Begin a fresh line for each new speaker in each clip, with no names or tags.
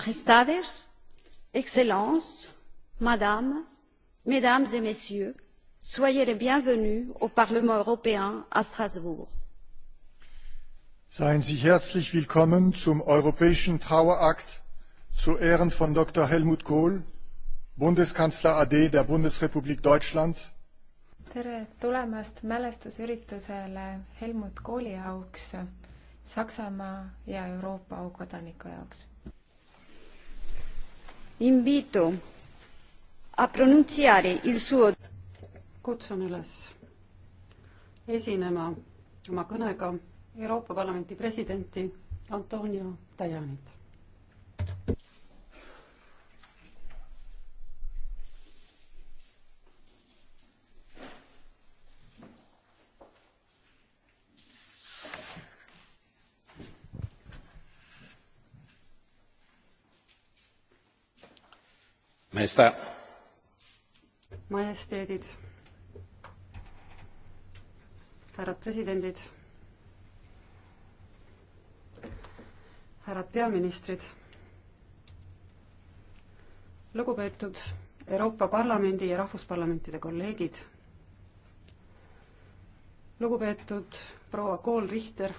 Majestades, Excellences, Madame, Mesdames et Messieurs, soyez les bienvenus au Parlement européen à Strasbourg.
Seien Sie herzlich willkommen zum Europäischen Trauerakt zu Ehren von Dr. Helmut Kohl, Bundeskanzler AD der Bundesrepublik Deutschland.
tere tulemast mälestusüritusele Helmut Kohli auks, Saksamaa ja Euroopa aukodaniku jaoks
invito a pronunziare il suo kutsun üles esinema oma kõnega Euroopa Parlamenti presidenti Antonio Tajanit. Majestà. majesteedid, härrad presidendid, härrad peaministrid, lugupeetud Euroopa Parlamendi ja Rahvusparlamentide kolleegid, lugupeetud proua Kool Richter,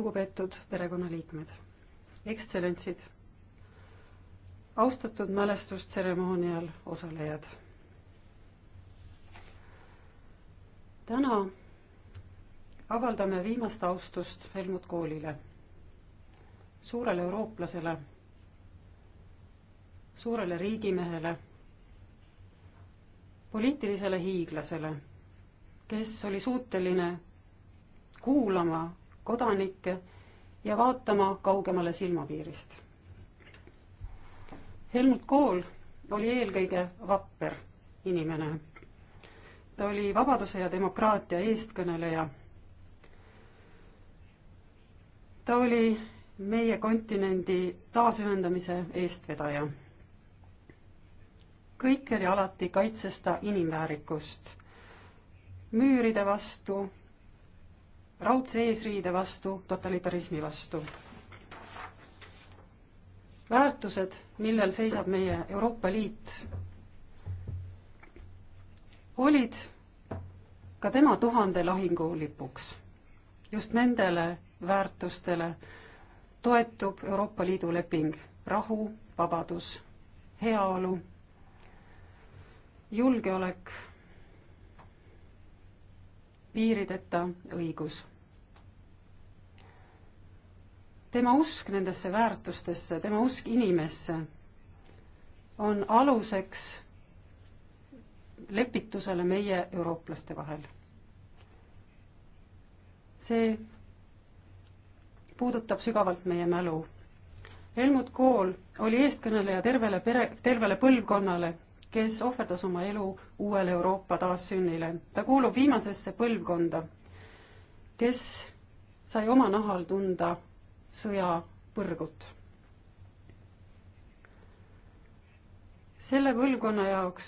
lugupeetud perekonnaliikmed, ekstsellentsid austatud mälestustseremoonial osalejad. täna avaldame viimast austust Helmut Koolile, suurele eurooplasele, suurele riigimehele, poliitilisele hiiglasele, kes oli suuteline kuulama kodanikke ja vaatama kaugemale silmapiirist Helmut Kohl oli eelkõige vapper inimene. ta oli vabaduse ja demokraatia eestkõneleja. ta oli meie kontinendi taasühendamise eestvedaja. kõik oli alati kaitses ta inimväärikust, müüride vastu, raudse eesriide vastu, totalitarismi vastu väärtused, millel seisab meie Euroopa Liit, olid ka tema tuhande lahingu lipuks. just nendele väärtustele toetub Euroopa Liidu leping rahu, vabadus, heaolu, julgeolek, piirideta õigus tema usk nendesse väärtustesse, tema usk inimesse on aluseks lepitusele meie eurooplaste vahel. see puudutab sügavalt meie mälu. Helmut Kohl oli eestkõneleja tervele pere, tervele põlvkonnale, kes ohverdas oma elu uuele Euroopa taassünnile. ta kuulub viimasesse põlvkonda, kes sai oma nahal tunda sõjapõrgut. selle põlvkonna jaoks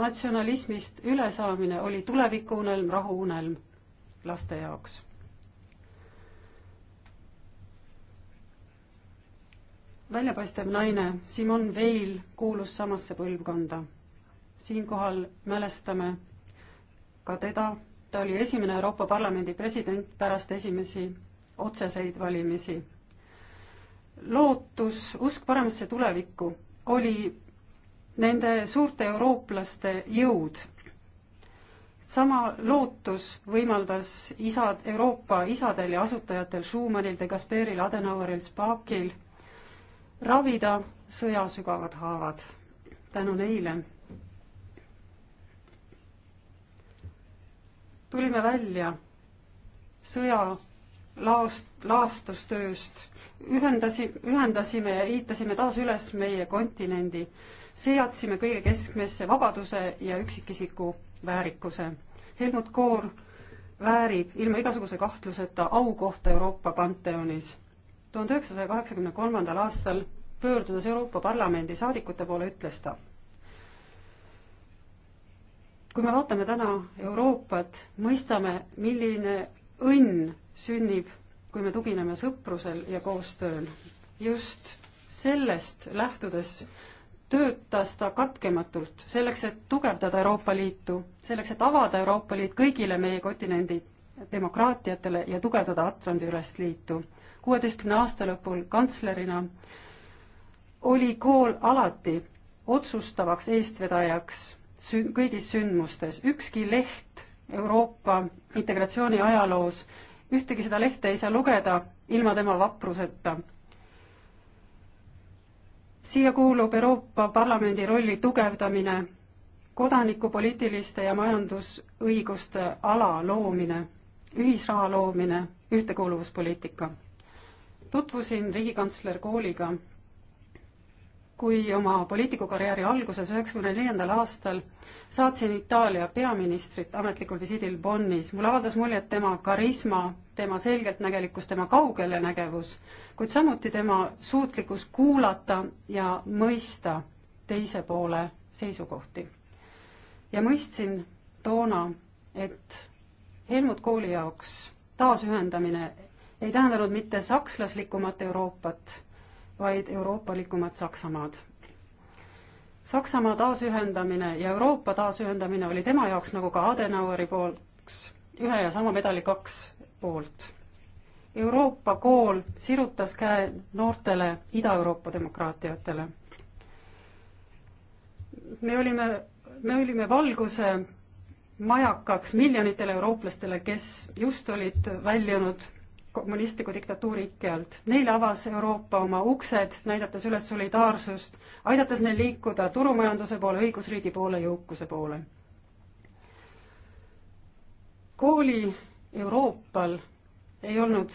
natsionalismist ülesaamine oli tulevikuunelm, rahuunelm laste jaoks. väljapaistev naine Simon Veil kuulus samasse põlvkonda. siinkohal mälestame ka teda, ta oli esimene Euroopa Parlamendi president pärast esimesi otseseid valimisi. lootus, usk paremasse tulevikku oli nende suurte eurooplaste jõud. sama lootus võimaldas isad, Euroopa isadel ja asutajatel Schumannil, de Gasperil, Adenaueril, Spakil ravida sõja sügavad haavad. tänu neile tulime välja sõja laast, laastustööst, ühendasi, ühendasime ja ehitasime taas üles meie kontinendi, seadsime kõige keskmesse vabaduse ja üksikisiku väärikuse. Helmut Koor väärib ilma igasuguse kahtluseta aukohta Euroopa panteonis. tuhande üheksasaja kaheksakümne kolmandal aastal pöördudes Euroopa Parlamendi saadikute poole, ütles ta. kui me vaatame täna Euroopat, mõistame, milline õnn sünnib, kui me tugineme sõprusel ja koostööl. just sellest lähtudes töötas ta katkematult selleks, et tugevdada Euroopa Liitu, selleks, et avada Euroopa Liit kõigile meie kontinendi demokraatiatele ja tugevdada Atlandi-ülest liitu. kuueteistkümne aasta lõpul kantslerina oli kool alati otsustavaks eestvedajaks sü-, kõigis sündmustes, ükski leht Euroopa integratsiooni ajaloos ühtegi seda lehte ei saa lugeda ilma tema vapruseta. siia kuulub Euroopa Parlamendi rolli tugevdamine, kodanikupoliitiliste ja majandusõiguste ala loomine, ühisraha loomine, ühtekuuluvuspoliitika. tutvusin riigikantsler kooliga kui oma poliitikukarjääri alguses üheksakümne neljandal aastal saatsin Itaalia peaministrit ametlikul visiidil Bonnis. mulle avaldas muljet tema karisma, tema selgeltnägelikkus, tema kaugelenägevus, kuid samuti tema suutlikkus kuulata ja mõista teise poole seisukohti. ja mõistsin toona, et Helmut Kooli jaoks taasühendamine ei tähendanud mitte sakslaslikumat Euroopat vaid euroopalikumat Saksamaad. Saksamaa taasühendamine ja Euroopa taasühendamine oli tema jaoks nagu ka Adenaueri poolt ühe ja sama medali kaks poolt. Euroopa kool sirutas käe noortele Ida-Euroopa demokraatiatele. me olime, me olime valguse majakaks miljonitele eurooplastele, kes just olid väljunud kommunistliku diktatuuri ikkelt. Neile avas Euroopa oma uksed, näidates üles solidaarsust, aidates neil liikuda turumajanduse poole, õigusriigi poole, jõukuse poole. kooli Euroopal ei olnud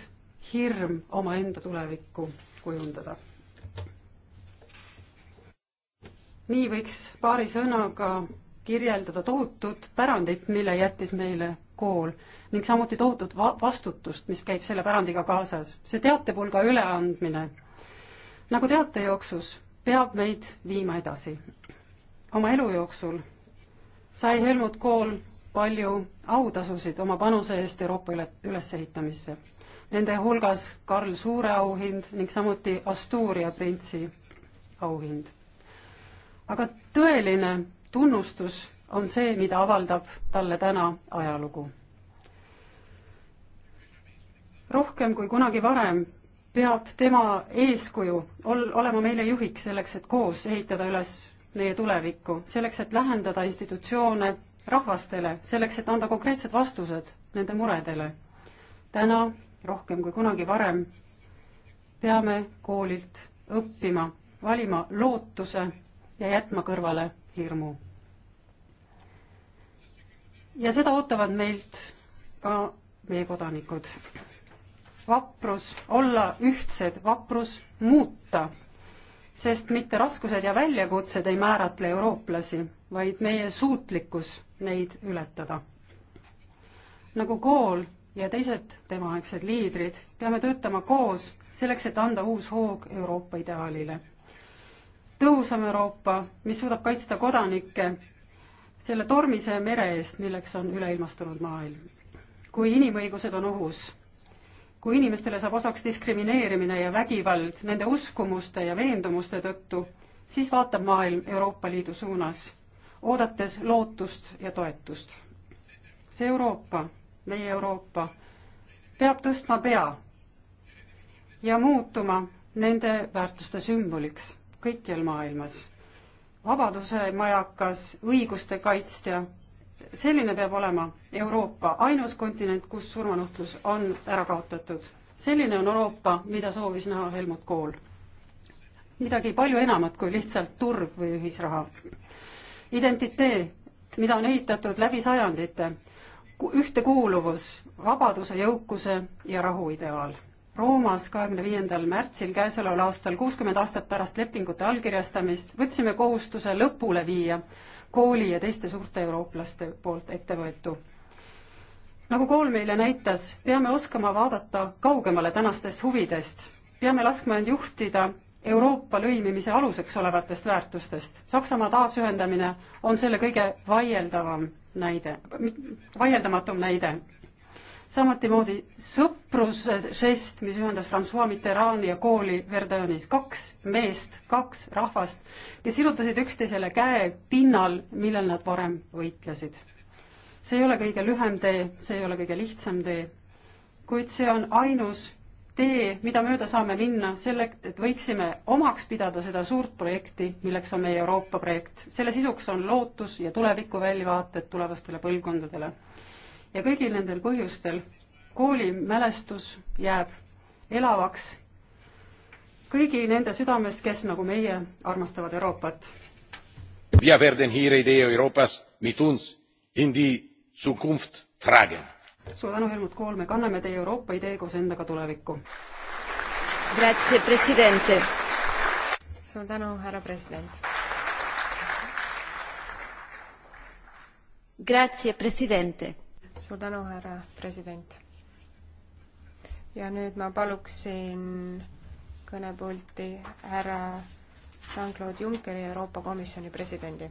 hirm omaenda tulevikku kujundada. nii võiks paari sõnaga kirjeldada tohutut pärandit, mille jättis meile kool ning samuti tohutut va-, vastutust, mis käib selle pärandiga kaasas. see teatepulga üleandmine, nagu teate jooksus, peab meid viima edasi. oma elu jooksul sai Helmut Kohl palju autasusid oma panuse eest Euroopa üle, ülesehitamisse. Nende hulgas Karl Suure auhind ning samuti Asturia printsi auhind. aga tõeline tunnustus on see, mida avaldab talle täna ajalugu. rohkem kui kunagi varem peab tema eeskuju ol-, olema meile juhiks selleks, et koos ehitada üles meie tulevikku, selleks, et lähendada institutsioone rahvastele, selleks, et anda konkreetsed vastused nende muredele. täna rohkem kui kunagi varem peame koolilt õppima, valima lootuse ja jätma kõrvale hirmu ja seda ootavad meilt ka meie kodanikud. vaprus, olla ühtsed, vaprus muuta, sest mitte raskused ja väljakutsed ei määratle eurooplasi, vaid meie suutlikkus neid ületada. nagu kool ja teised temaaegsed liidrid, peame töötama koos selleks, et anda uus hoog Euroopa ideaalile. tõhusam Euroopa, mis suudab kaitsta kodanikke selle tormise mere eest, milleks on üleilmastunud maailm. kui inimõigused on ohus, kui inimestele saab osaks diskrimineerimine ja vägivald nende uskumuste ja veendumuste tõttu, siis vaatab maailm Euroopa Liidu suunas, oodates lootust ja toetust. see Euroopa, meie Euroopa, peab tõstma pea ja muutuma nende väärtuste sümboliks kõikjal maailmas vabaduse majakas, õiguste kaitstja. selline peab olema Euroopa, ainus kontinent, kus surmanuhtlus on ära kaotatud. selline on Euroopa, mida soovis näha Helmut Kohl. midagi palju enamat kui lihtsalt turg või ühisraha. identiteet, mida on ehitatud läbi sajandite, ühtekuuluvus, vabaduse, jõukuse ja rahu ideaal Roomas kahekümne viiendal märtsil käesoleval aastal, kuuskümmend aastat pärast lepingute allkirjastamist, võtsime kohustuse lõpule viia kooli ja teiste suurte eurooplaste poolt ette võetu. nagu kool meile näitas, peame oskama vaadata kaugemale tänastest huvidest, peame laskma end juhtida Euroopa lõimimise aluseks olevatest väärtustest. Saksamaa taasühendamine on selle kõige vaieldavam näide, vaieldamatum näide samuti moodi sõprusžest, mis ühendas Francois Mitterrandi ja kooli Verdõnis. kaks meest, kaks rahvast, kes sirutasid üksteisele käe pinnal, millel nad varem võitlesid. see ei ole kõige lühem tee, see ei ole kõige lihtsam tee, kuid see on ainus tee, mida mööda saame minna selleks, et võiksime omaks pidada seda suurt projekti, milleks on meie Euroopa projekt. selle sisuks on lootus ja tuleviku väljavaated tulevastele põlvkondadele ja kõigil nendel põhjustel koolimälestus jääb elavaks kõigi nende südames, kes nagu meie armastavad Euroopat.
Wir werden hier Idee Europas mit uns in die Zukunft tragen.
suur tänu, Helmut Kool, me kanname teie Euroopa idee koos endaga tulevikku. Grazie, president.
suur tänu, härra president. Grazie, president suur tänu, härra president. ja nüüd ma paluksin kõnepulti härra Jean-Claude Junckeri, Euroopa Komisjoni presidendi.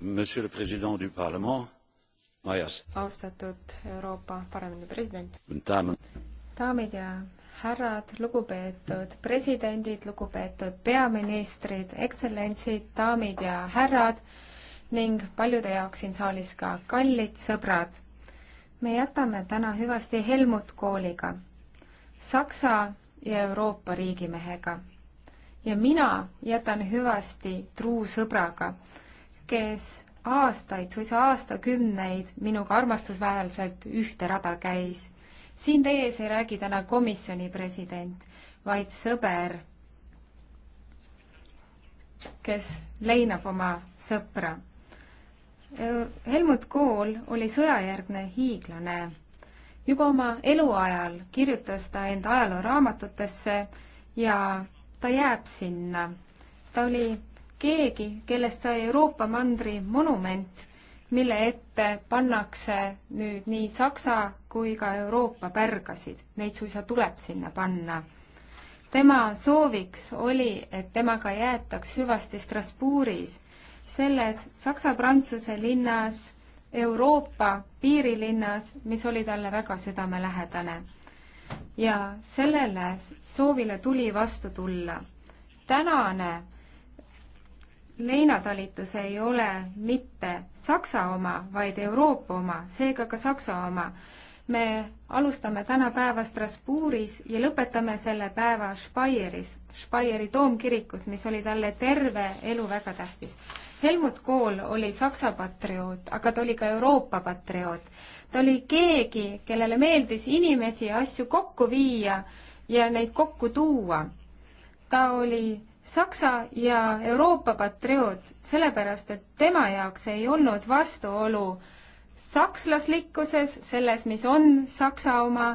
Monsieur le Président du Parlement, Majas.
austatud Euroopa Parlamendi president. daamid ja härrad, lugupeetud presidendid, lugupeetud peaministrid, ekstsellentsid, daamid ja härrad ning paljude jaoks siin saalis ka kallid sõbrad. me jätame täna hüvasti Helmut Kooliga, Saksa ja Euroopa riigimehega. ja mina jätan hüvasti truu sõbraga, kes aastaid, suisa aastakümneid minuga armastusväärselt ühte rada käis siin teie ees ei räägi täna komisjoni president, vaid sõber, kes leinab oma sõpra. Helmut Kohl oli sõjajärgne hiiglane. juba oma eluajal kirjutas ta end ajalooraamatutesse ja ta jääb sinna. ta oli keegi, kellest sai Euroopa mandri monument mille ette pannakse nüüd nii Saksa kui ka Euroopa pärgasid, neid suisa tuleb sinna panna. tema sooviks oli, et temaga jäetaks hüvasti Strasbourgis, selles Saksa-Prantsuse linnas, Euroopa piirilinnas, mis oli talle väga südamelähedane. ja sellele soovile tuli vastu tulla. tänane leinatalitus ei ole mitte Saksa oma, vaid Euroopa oma, seega ka Saksa oma. me alustame täna päeva Strasbourgis ja lõpetame selle päeva Speyeris, Speyeri toomkirikus, mis oli talle terve elu väga tähtis. Helmut Kohl oli Saksa patrioot, aga ta oli ka Euroopa patrioot. ta oli keegi, kellele meeldis inimesi ja asju kokku viia ja neid kokku tuua. ta oli Saksa ja Euroopa patrioot, sellepärast et tema jaoks ei olnud vastuolu sakslaslikkuses, selles, mis on Saksa oma,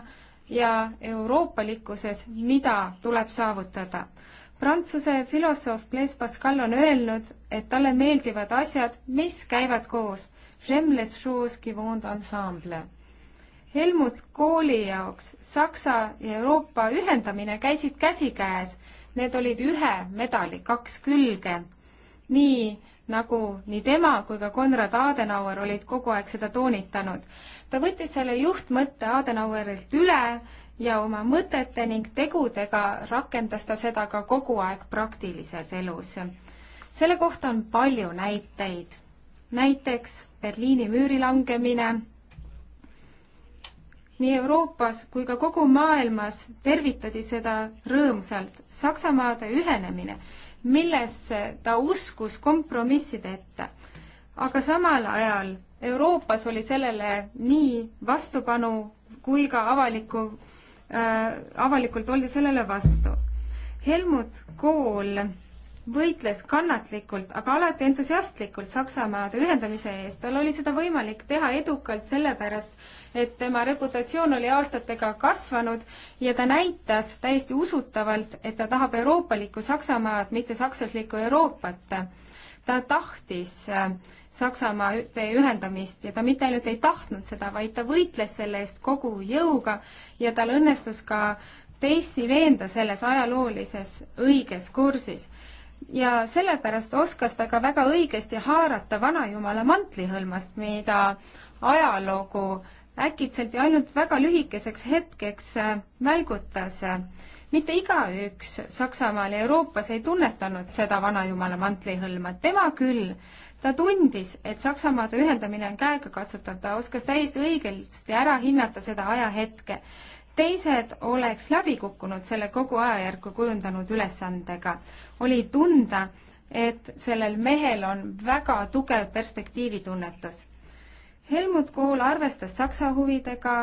ja euroopalikkuses, mida tuleb saavutada. Prantsuse filosoof Blaise Pascal on öelnud, et talle meeldivad asjad, mis käivad koos. J'aime les choses qui vont ensemble. Helmut Kooli jaoks Saksa ja Euroopa ühendamine käisid käsikäes Need olid ühe medali kaks külge. nii nagu nii tema kui ka Konrad Adenauer olid kogu aeg seda toonitanud. ta võttis selle juhtmõtte Adenauerilt üle ja oma mõtete ning tegudega rakendas ta seda ka kogu aeg praktilises elus. selle kohta on palju näiteid. näiteks Berliini müüri langemine nii Euroopas kui ka kogu maailmas tervitati seda rõõmsalt. Saksamaade ühenemine, millesse ta uskus kompromissideta. aga samal ajal Euroopas oli sellele nii vastupanu kui ka avaliku äh,, avalikult oldi sellele vastu. Helmut Kohl võitles kannatlikult, aga alati entusiastlikult Saksamaade ühendamise eest. tal oli seda võimalik teha edukalt sellepärast, et tema reputatsioon oli aastatega kasvanud ja ta näitas täiesti usutavalt, et ta tahab euroopalikku Saksamaad, mitte sakslaslikku Euroopat. ta tahtis äh, Saksamaa ühendamist ja ta mitte ainult ei tahtnud seda, vaid ta võitles selle eest kogu jõuga ja tal õnnestus ka teisi veenda selles ajaloolises õiges kursis ja sellepärast oskas ta ka väga õigesti haarata vanajumala mantlihõlmast, mida ajalugu äkitselt ja ainult väga lühikeseks hetkeks välgutas. Äh, äh, mitte igaüks Saksamaal ja Euroopas ei tunnetanud seda vanajumala mantlihõlma, tema küll. ta tundis, et Saksamaade ühendamine on käegakatsutav, ta oskas täiesti õigesti ära hinnata seda ajahetke teised oleks läbi kukkunud selle kogu ajajärku kujundanud ülesandega. oli tunda, et sellel mehel on väga tugev perspektiivitunnetus. Helmut Kohl arvestas Saksa huvidega,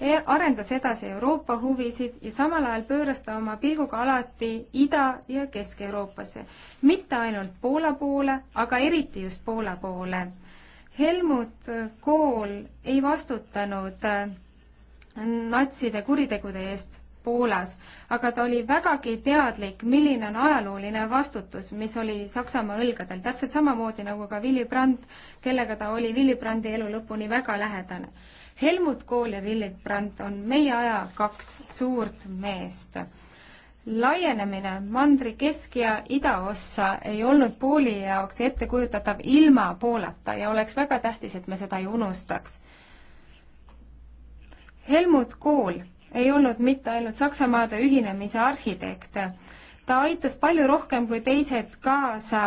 e-, arendas edasi Euroopa huvisid ja samal ajal pööras ta oma pilguga alati Ida- ja Kesk-Euroopasse. mitte ainult Poola poole, aga eriti just Poola poole. Helmut Kohl ei vastutanud äh, natside kuritegude eest Poolas, aga ta oli vägagi teadlik, milline on ajalooline vastutus, mis oli Saksamaa õlgadel, täpselt samamoodi nagu ka Willy Brandt, kellega ta oli Willy Brandti elu lõpuni väga lähedane. Helmut Kohl ja Willy Brandt on meie aja kaks suurt meest. laienemine mandri kesk- ja idaossa ei olnud Pooli jaoks ettekujutatav ilma Poolata ja oleks väga tähtis, et me seda ei unustaks Helmut Kohl ei olnud mitte ainult Saksamaade ühinemise arhitekt, ta aitas palju rohkem kui teised kaasa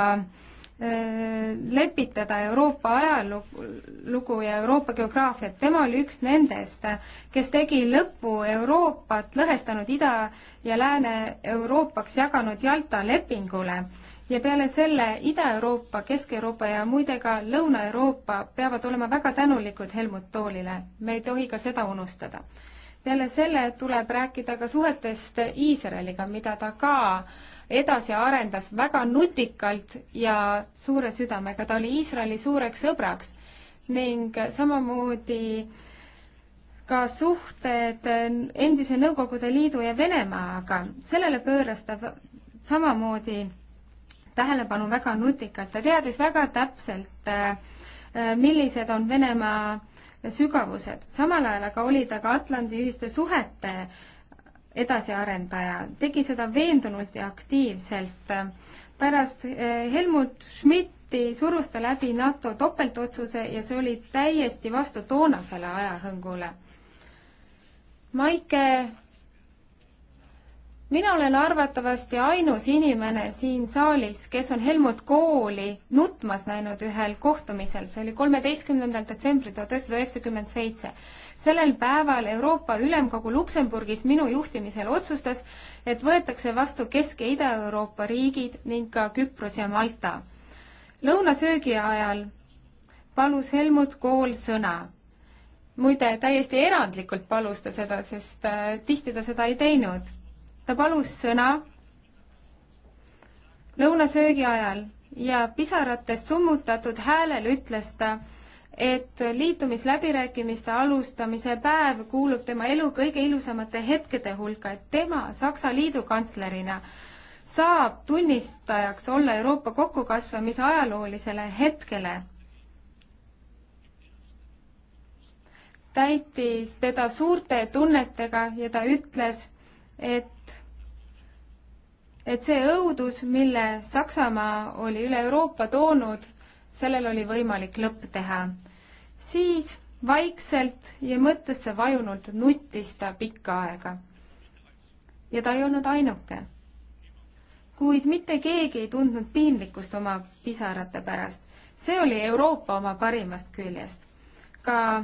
lepitada Euroopa
ajalugu
ja Euroopa geograafiat. tema oli üks nendest, kes tegi lõpu Euroopat lõhestanud Ida- ja Lääne-Euroopaks jaganud Jalta lepingule ja peale selle Ida-Euroopa, Kesk-Euroopa ja muide ka Lõuna-Euroopa peavad olema väga tänulikud Helmut Toolile. me ei tohi ka seda unustada. peale selle tuleb rääkida ka suhetest Iisraeliga, mida ta ka edasi arendas väga nutikalt ja suure südamega. ta oli Iisraeli suureks sõbraks ning samamoodi ka suhted endise Nõukogude Liidu ja Venemaaga, sellele pööras ta samamoodi tähelepanu väga nutikalt, ta teadis väga täpselt, äh, äh, millised on Venemaa sügavused. samal ajal aga oli ta ka Atlandi ühiste suhete edasiarendaja, tegi seda veendunult ja aktiivselt. pärast äh, Helmut Schmidti surus ta läbi NATO topeltotsuse ja see oli täiesti vastu toonasele ajahõngule. Maike mina olen arvatavasti ainus inimene siin saalis, kes on Helmut Kooli nutmas näinud ühel kohtumisel, see oli kolmeteistkümnendal detsembril tuhat üheksasada üheksakümmend seitse. sellel päeval Euroopa Ülemkogu Luksemburgis minu juhtimisel otsustas, et võetakse vastu Kesk- ja Ida-Euroopa riigid ning ka Küpros ja Malta. lõunasöögi ajal palus Helmut Kool sõna. muide, täiesti erandlikult palus ta seda, sest äh, tihti ta seda ei teinud ta palus sõna lõunasöögi ajal ja pisaratest summutatud häälel ütles ta, et liitumisläbirääkimiste alustamise päev kuulub tema elu kõige ilusamate hetkede hulka, et tema Saksa liidukantslerina saab tunnistajaks olla Euroopa kokkukasvamise ajaloolisele hetkele. täitis teda suurte tunnetega ja ta ütles, et et see õudus, mille Saksamaa oli üle Euroopa toonud, sellel oli võimalik lõpp teha. siis vaikselt ja mõttesse vajunult nuttis ta pikka aega. ja ta ei olnud ainuke. kuid mitte keegi ei tundnud piinlikkust oma pisarate pärast. see oli Euroopa oma parimast küljest. ka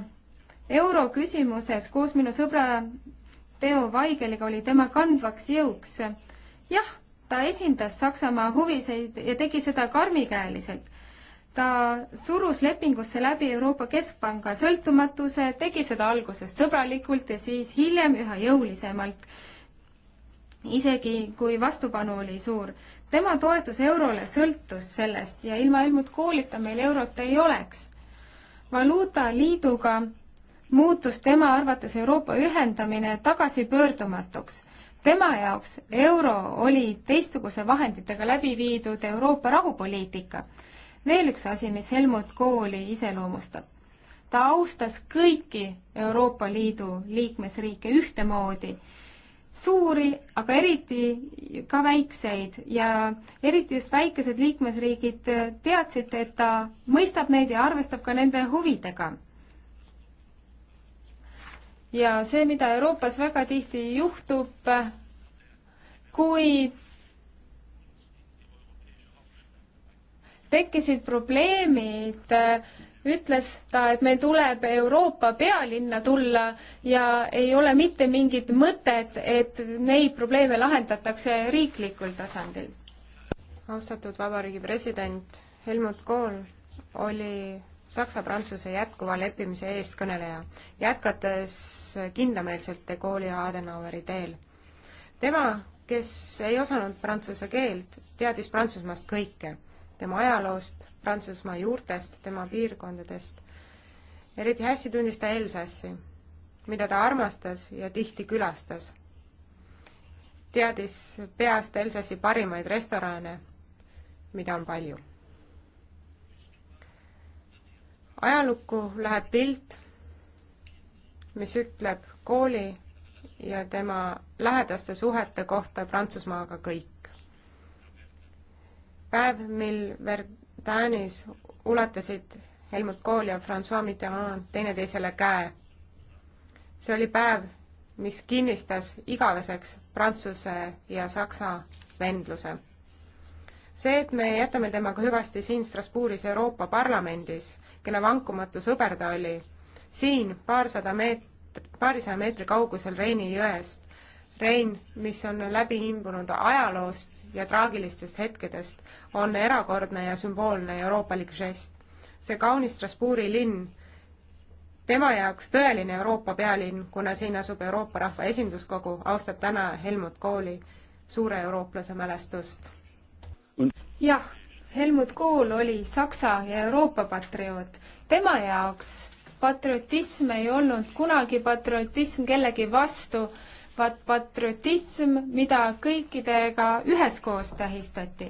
euro küsimuses koos minu sõbra Teo Vaigeliga oli tema kandvaks jõuks. jah, ta esindas Saksamaa huviseid ja tegi seda karmikäeliselt. ta surus lepingusse läbi Euroopa Keskpanga sõltumatuse, tegi seda alguses sõbralikult ja siis hiljem üha jõulisemalt, isegi kui vastupanu oli suur. tema toetus eurole sõltus sellest ja ilma Helmut Koolita meil eurot ei oleks. valuutaliiduga muutus tema arvates Euroopa ühendamine tagasipöördumatuks tema jaoks euro oli teistsuguse vahenditega läbi viidud Euroopa rahupoliitika. veel üks asi, mis Helmut Kooli iseloomustab. ta austas kõiki Euroopa Liidu liikmesriike ühtemoodi, suuri, aga eriti ka väikseid ja eriti just väikesed liikmesriigid teadsid, et ta mõistab neid ja arvestab ka nende huvidega ja see, mida Euroopas väga tihti juhtub, kui tekkisid probleemid, ütles ta, et meil tuleb Euroopa pealinna tulla ja ei ole mitte mingit mõtet, et neid probleeme lahendatakse riiklikul tasandil. austatud Vabariigi President Helmut Kohl oli Saksa-Prantsuse
jätkuva leppimise eestkõneleja, jätkates kindlameelselt De Gaulle'i ja Adenaueri teel. tema, kes ei osanud prantsuse keelt, teadis Prantsusmaast kõike, tema ajaloost, Prantsusmaa juurtest, tema piirkondadest. eriti hästi tundis ta Elsassi, mida ta armastas ja tihti külastas. teadis peast Elsassi parimaid restorane, mida on palju ajalukku läheb pilt, mis ütleb kooli ja tema lähedaste suhete kohta Prantsusmaaga kõik. päev, mil Verdanis ulatasid Helmut Kohl ja Francois Mitterrand teineteisele käe. see oli päev, mis kinnistas igaveseks Prantsuse ja Saksa vendluse. see, et me jätame temaga hüvasti siin Strasbourgis Euroopa Parlamendis kelle vankumatu sõber ta oli. siin paarsada meetrit, paarisaja meetri kaugusel Reini jõest. Rein, mis on läbi imbunud ajaloost ja traagilistest hetkedest, on erakordne ja sümboolne euroopalik žest. see kaunis Strasbourgi linn, tema jaoks tõeline Euroopa pealinn, kuna siin asub Euroopa Rahva Esinduskogu, austab täna Helmut Kooli suure eurooplase mälestust.
jah Helmut Kohl oli Saksa ja Euroopa patrioot. tema jaoks patriotism ei olnud kunagi patriotism kellegi vastu, vaid patriotism, mida kõikidega üheskoos tähistati.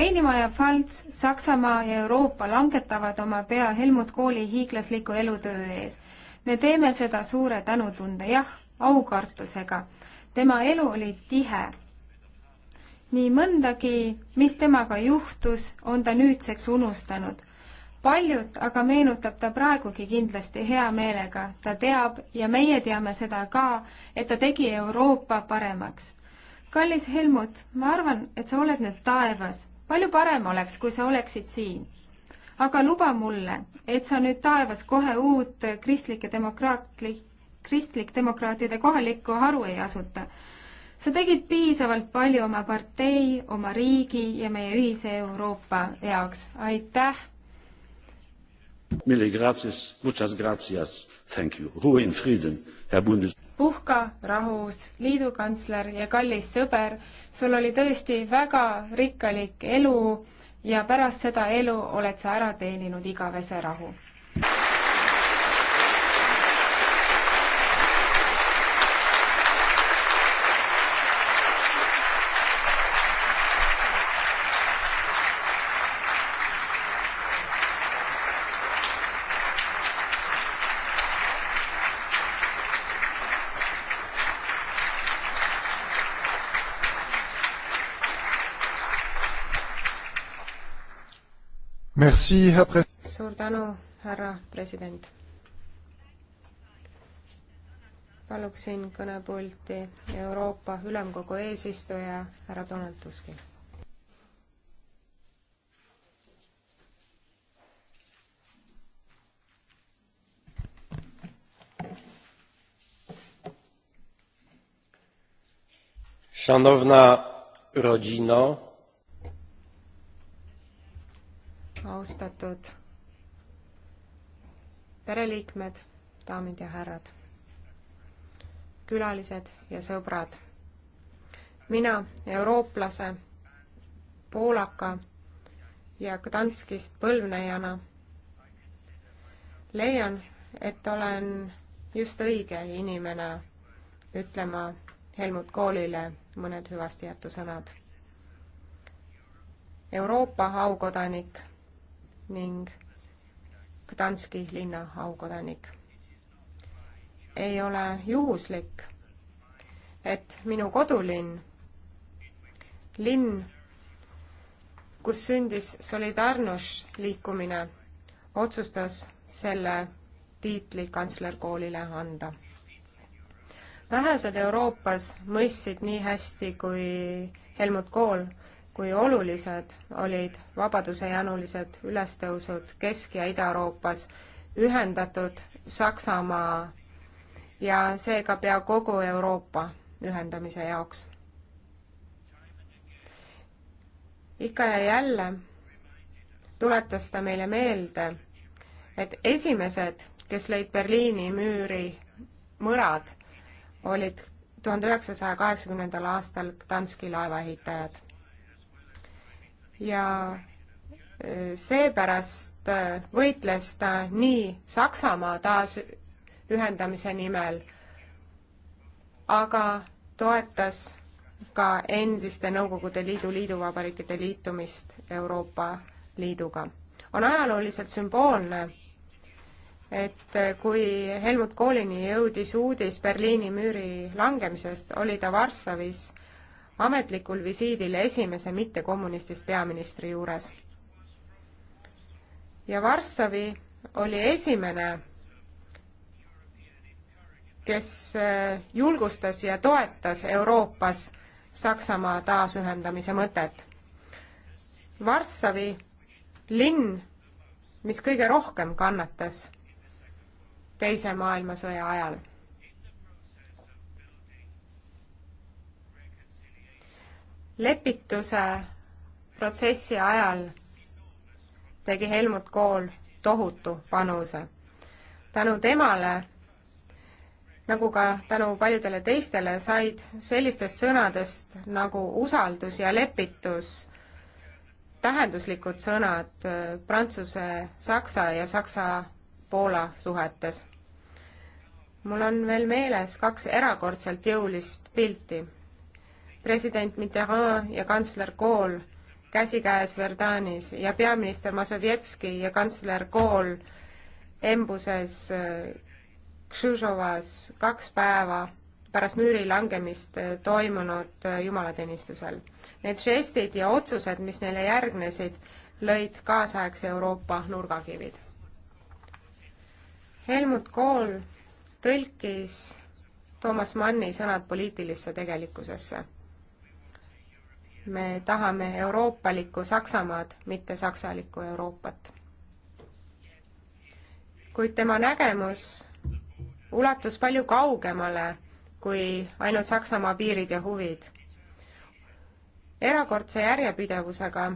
Reinimaa ja Pfalz, Saksamaa ja Euroopa langetavad oma pea Helmut Kooli hiiglasliku elutöö ees. me teeme seda suure tänutunde, jah, aukartusega. tema elu oli tihe nii mõndagi, mis temaga juhtus, on ta nüüdseks unustanud. paljut aga meenutab ta praegugi kindlasti hea meelega, ta teab ja meie teame seda ka, et ta tegi Euroopa paremaks. kallis Helmut, ma arvan, et sa oled nüüd taevas. palju parem oleks, kui sa oleksid siin. aga luba mulle, et sa nüüd taevas kohe uut kristlike demokraatlik, kristlik-demokraatide kohalikku haru ei asuta sa tegid piisavalt palju oma partei, oma riigi ja meie ühise Euroopa jaoks, aitäh! puhka rahus, liidukantsler ja kallis sõber, sul oli tõesti väga rikkalik elu ja pärast seda elu oled sa ära teeninud igavese rahu
suur
tänu, härra president. paluksin kõnepulti Euroopa Ülemkogu eesistuja härra Donald Tuski. Szanowna rodzino, austatud pereliikmed, daamid ja härrad, külalised ja sõbrad. mina, eurooplase, poolaka ja Gdanskist põlvnejana leian, et olen just õige inimene ütlema Helmut Koolile mõned hüvastijätusõnad. Euroopa aukodanik ning Gdanski linna aukodanik. ei ole juhuslik, et minu kodulinn, linn, kus sündis Solidarność liikumine, otsustas selle tiitli kantslerkoolile anda. vähesed Euroopas mõistsid nii hästi kui Helmut Kohl, kui olulised olid vabadusejanulised ülestõusud Kesk- ja Ida-Euroopas, ühendatud Saksamaa ja seega pea kogu Euroopa ühendamise jaoks. ikka ja jälle tuletas ta meile meelde, et esimesed, kes lõid Berliini müüri mõrad, olid tuhande üheksasaja kaheksakümnendal aastal Danski laevaehitajad ja äh, seepärast äh, võitles ta nii Saksamaa taasühendamise nimel, aga toetas ka endiste Nõukogude Liidu liiduvabariikide liitumist Euroopa Liiduga. on ajalooliselt sümboolne, et äh, kui Helmut Koolini jõudis uudis Berliini müüri langemisest, oli ta Varssavis ametlikul visiidil esimese mittekommunistist peaministri juures. ja Varssavi oli esimene, kes eh, julgustas ja toetas Euroopas Saksamaa taasühendamise mõtet. Varssavi linn, mis kõige rohkem kannatas Teise maailmasõja ajal lepituse protsessi ajal tegi Helmut Kool tohutu panuse. tänu temale, nagu ka tänu paljudele teistele, said sellistest sõnadest nagu usaldus ja lepitus tähenduslikud sõnad äh, Prantsuse, Saksa ja Saksa-Poola suhetes. mul on veel meeles kaks erakordselt jõulist pilti president Mitterrand ja kantsler Kohl käsikäes Verdanis ja peaminister Masovjetski ja kantsler Kohl embuses äh, Kšužovas kaks päeva pärast müüri langemist äh, toimunud äh, jumalateenistusel. Need žestid ja otsused, mis neile järgnesid, lõid kaasaegse Euroopa nurgakivid. Helmut Kohl tõlkis Toomas Manni sõnad poliitilisse tegelikkusesse me tahame euroopalikku Saksamaad, mitte saksalikku Euroopat. kuid tema nägemus ulatus palju kaugemale kui ainult Saksamaa piirid ja huvid. erakordse järjepidevusega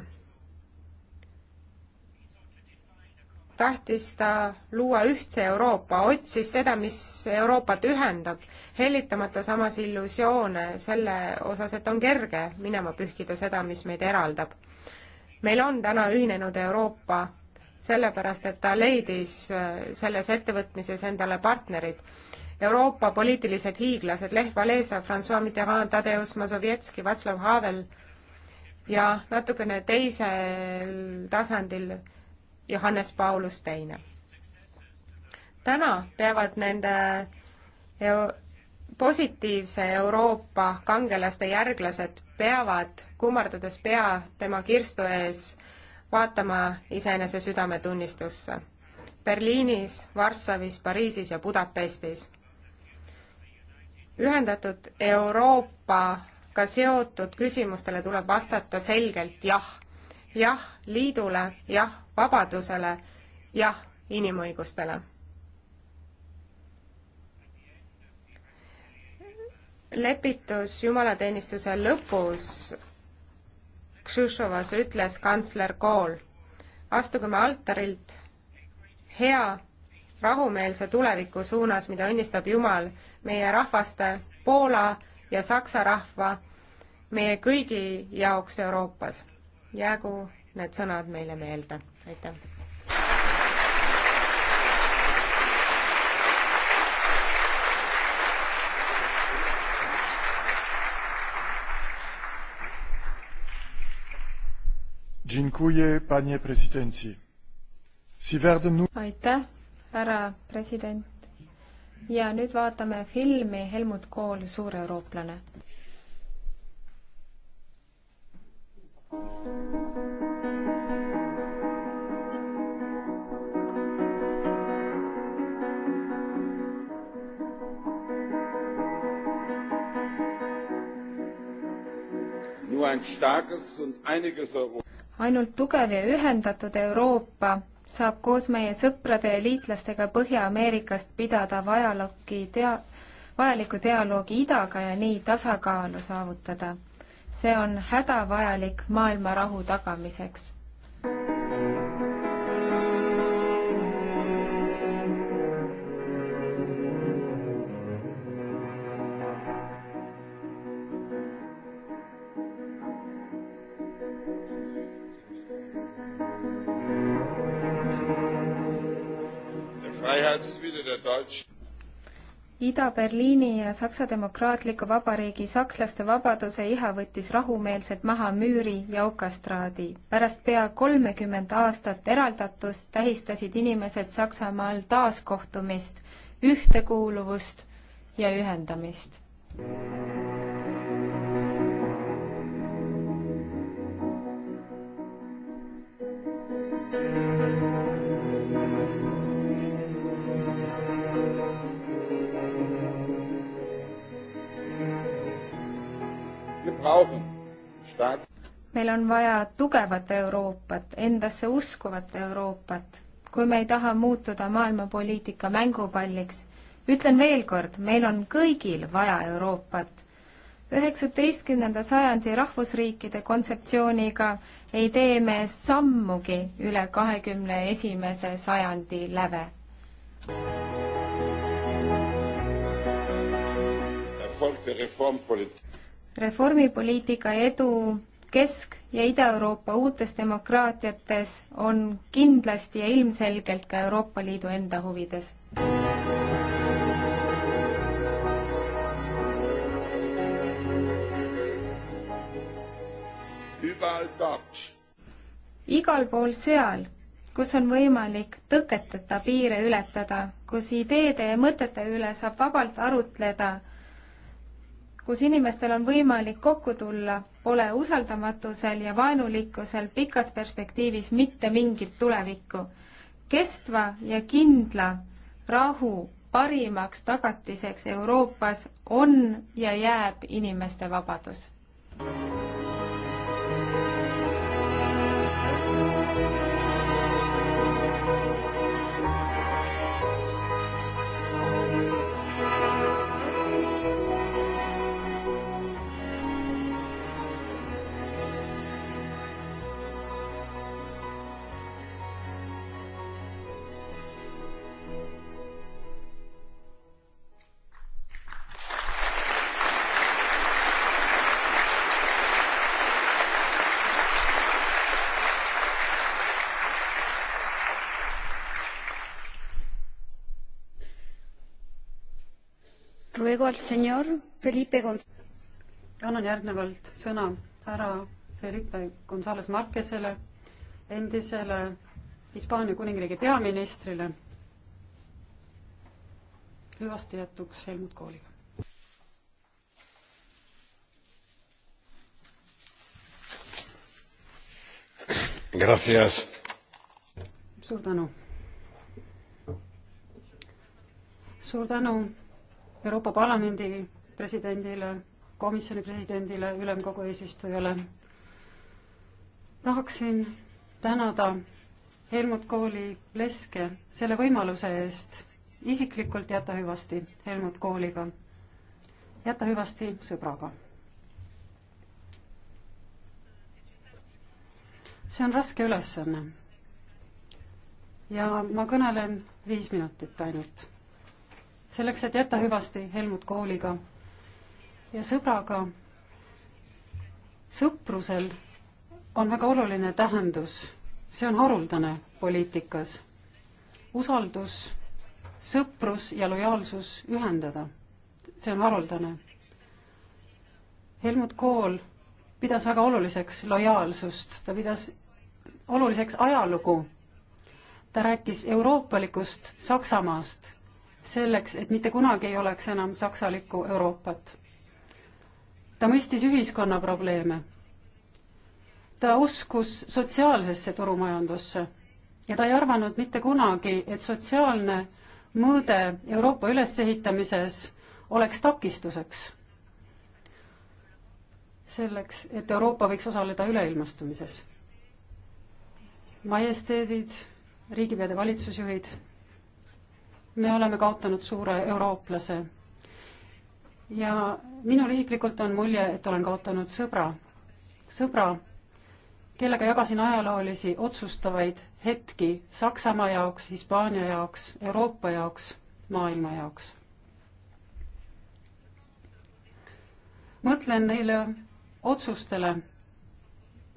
tahtis ta luua ühtse Euroopa, otsis seda, mis Euroopat ühendab, hellitamata samas illusioone selle osas, et on kerge minema pühkida seda, mis meid eraldab. meil on täna ühinenud Euroopa sellepärast, et ta leidis äh, selles ettevõtmises endale partnerid. Euroopa poliitilised hiiglased Lech Walesa, Francois Mitterrand, Tadeusz Mazovetski, Václav Havel ja natukene teisel tasandil Johannes Paulus teine. täna peavad nende positiivse Euroopa kangelaste järglased peavad, kummardades pea tema kirstu ees, vaatama iseenese südametunnistusse. Berliinis, Varssavis, Pariisis ja Budapestis. ühendatud Euroopaga seotud küsimustele tuleb vastata selgelt jah jah liidule, jah vabadusele, jah inimõigustele. lepitus jumalateenistuse lõpus Kšušovas ütles kantsler Kool, astuge me altarilt hea rahumeelse tuleviku suunas, mida õnnistab Jumal meie rahvaste, Poola ja Saksa rahva, meie kõigi jaoks Euroopas jäägu need sõnad meile meelde, aitäh.
aitäh,
härra president. ja nüüd vaatame filmi Helmut Kool, suur eurooplane. ainult tugev ja ühendatud Euroopa saab koos meie sõprade ja liitlastega Põhja-Ameerikast pidada vajalaki tea-, vajaliku dialoogi idaga ja nii tasakaalu saavutada see on hädavajalik maailma rahu tagamiseks.
Freiheitswille der Deutschen.
Ida-Berliini ja Saksa Demokraatliku Vabariigi sakslaste vabaduse iha võttis rahumeelselt maha müüri ja okastraadi. pärast pea kolmekümmend aastat eraldatust tähistasid inimesed Saksamaal taaskohtumist, ühtekuuluvust ja ühendamist. meil on vaja tugevat Euroopat, endasse uskuvat Euroopat, kui me ei taha muutuda maailmapoliitika mängupalliks. ütlen veel kord, meil on kõigil vaja Euroopat üheksateistkümnenda sajandi rahvusriikide kontseptsiooniga ei tee me sammugi üle kahekümne esimese sajandi läve reformipoliitika edu Kesk- ja Ida-Euroopa uutes demokraatiates on kindlasti ja ilmselgelt ka Euroopa Liidu enda huvides. igal pool seal, kus on võimalik tõketeta piire ületada, kus ideede ja mõtete üle saab vabalt arutleda kus inimestel on võimalik kokku tulla, pole usaldamatusel ja vaenulikkusel pikas perspektiivis mitte mingit tulevikku. kestva ja kindla rahu parimaks tagatiseks Euroopas on ja jääb inimeste vabadus
luego al señor Felipe Gonz- annan järgnevalt sõna härra Felipe Gonzalez Marquesele, endisele Hispaania kuningriigi peaministrile, hüvasti jätuks Helmut Kooliga.
Gracias.
suur tänu. suur tänu Euroopa Parlamendi presidendile, komisjoni presidendile, ülemkogu eesistujale. tahaksin tänada Helmut Kooli Leske selle võimaluse eest isiklikult jätta hüvasti Helmut Kooliga, jätta hüvasti sõbraga. see on raske ülesanne. ja ma kõnelen viis minutit ainult selleks, et jätta hüvasti Helmut Kooliga ja sõbraga. sõprusel on väga oluline tähendus, see on haruldane poliitikas. usaldus, sõprus ja lojaalsus ühendada, see on haruldane. Helmut Kool pidas väga oluliseks lojaalsust, ta pidas oluliseks ajalugu. ta rääkis euroopalikust Saksamaast selleks, et mitte kunagi ei oleks enam saksalikku Euroopat. ta mõistis ühiskonna probleeme. ta uskus sotsiaalsesse turumajandusse ja ta ei arvanud mitte kunagi, et sotsiaalne mõõde Euroopa ülesehitamises oleks takistuseks. selleks, et Euroopa võiks osaleda üleilmastumises. majesteedid, riigipead ja valitsusjuhid me oleme kaotanud suure eurooplase. ja minul isiklikult on mulje, et olen kaotanud sõbra, sõbra, kellega jagasin ajaloolisi otsustavaid hetki Saksamaa jaoks, Hispaania jaoks, Euroopa jaoks, maailma jaoks. mõtlen neile otsustele,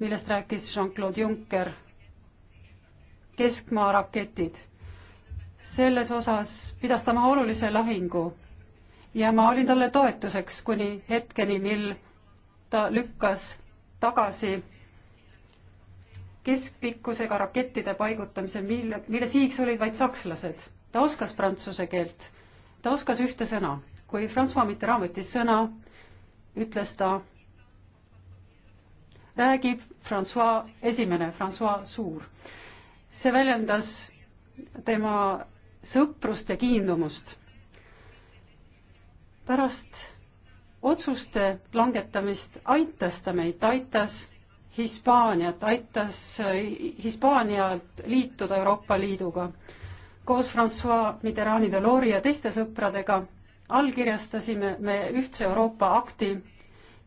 millest rääkis Jean-Claude Juncker, keskmaa raketid selles osas pidas ta maha olulise lahingu ja ma olin talle toetuseks kuni hetkeni, mil ta lükkas tagasi keskpikkusega rakettide paigutamise, mille, mille sihiks olid vaid sakslased. ta oskas prantsuse keelt, ta oskas ühte sõna. kui Francois Mitterrand võttis sõna, ütles ta, räägib Francois Esimene, Francois Suur. see väljendas tema sõprust ja kiindumust. pärast otsuste langetamist aitas ta meid, aitas Hispaaniat, aitas äh, Hispaanialt liituda Euroopa Liiduga. koos Francois Mitterrandi Delori ja teiste sõpradega allkirjastasime me ühtse Euroopa akti,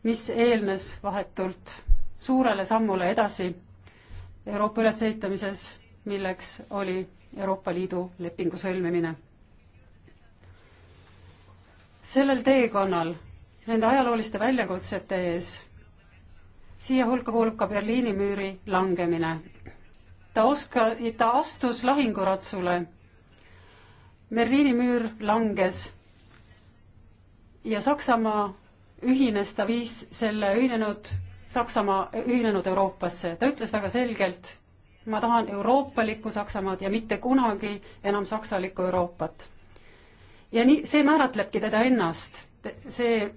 mis eelnes vahetult suurele sammule edasi Euroopa ülesehitamises, milleks oli Euroopa Liidu lepingu sõlmimine. sellel teekonnal, nende ajalooliste väljakutsete ees, siia hulka kuulub ka Berliini müüri langemine. ta oska-, ta astus lahinguratsule. Berliini müür langes ja Saksamaa ühines, ta viis selle ühinenud Saksamaa ühinenud Euroopasse, ta ütles väga selgelt, ma tahan euroopalikku Saksamaad ja mitte kunagi enam saksalikku Euroopat. ja nii, see määratlebki teda ennast, see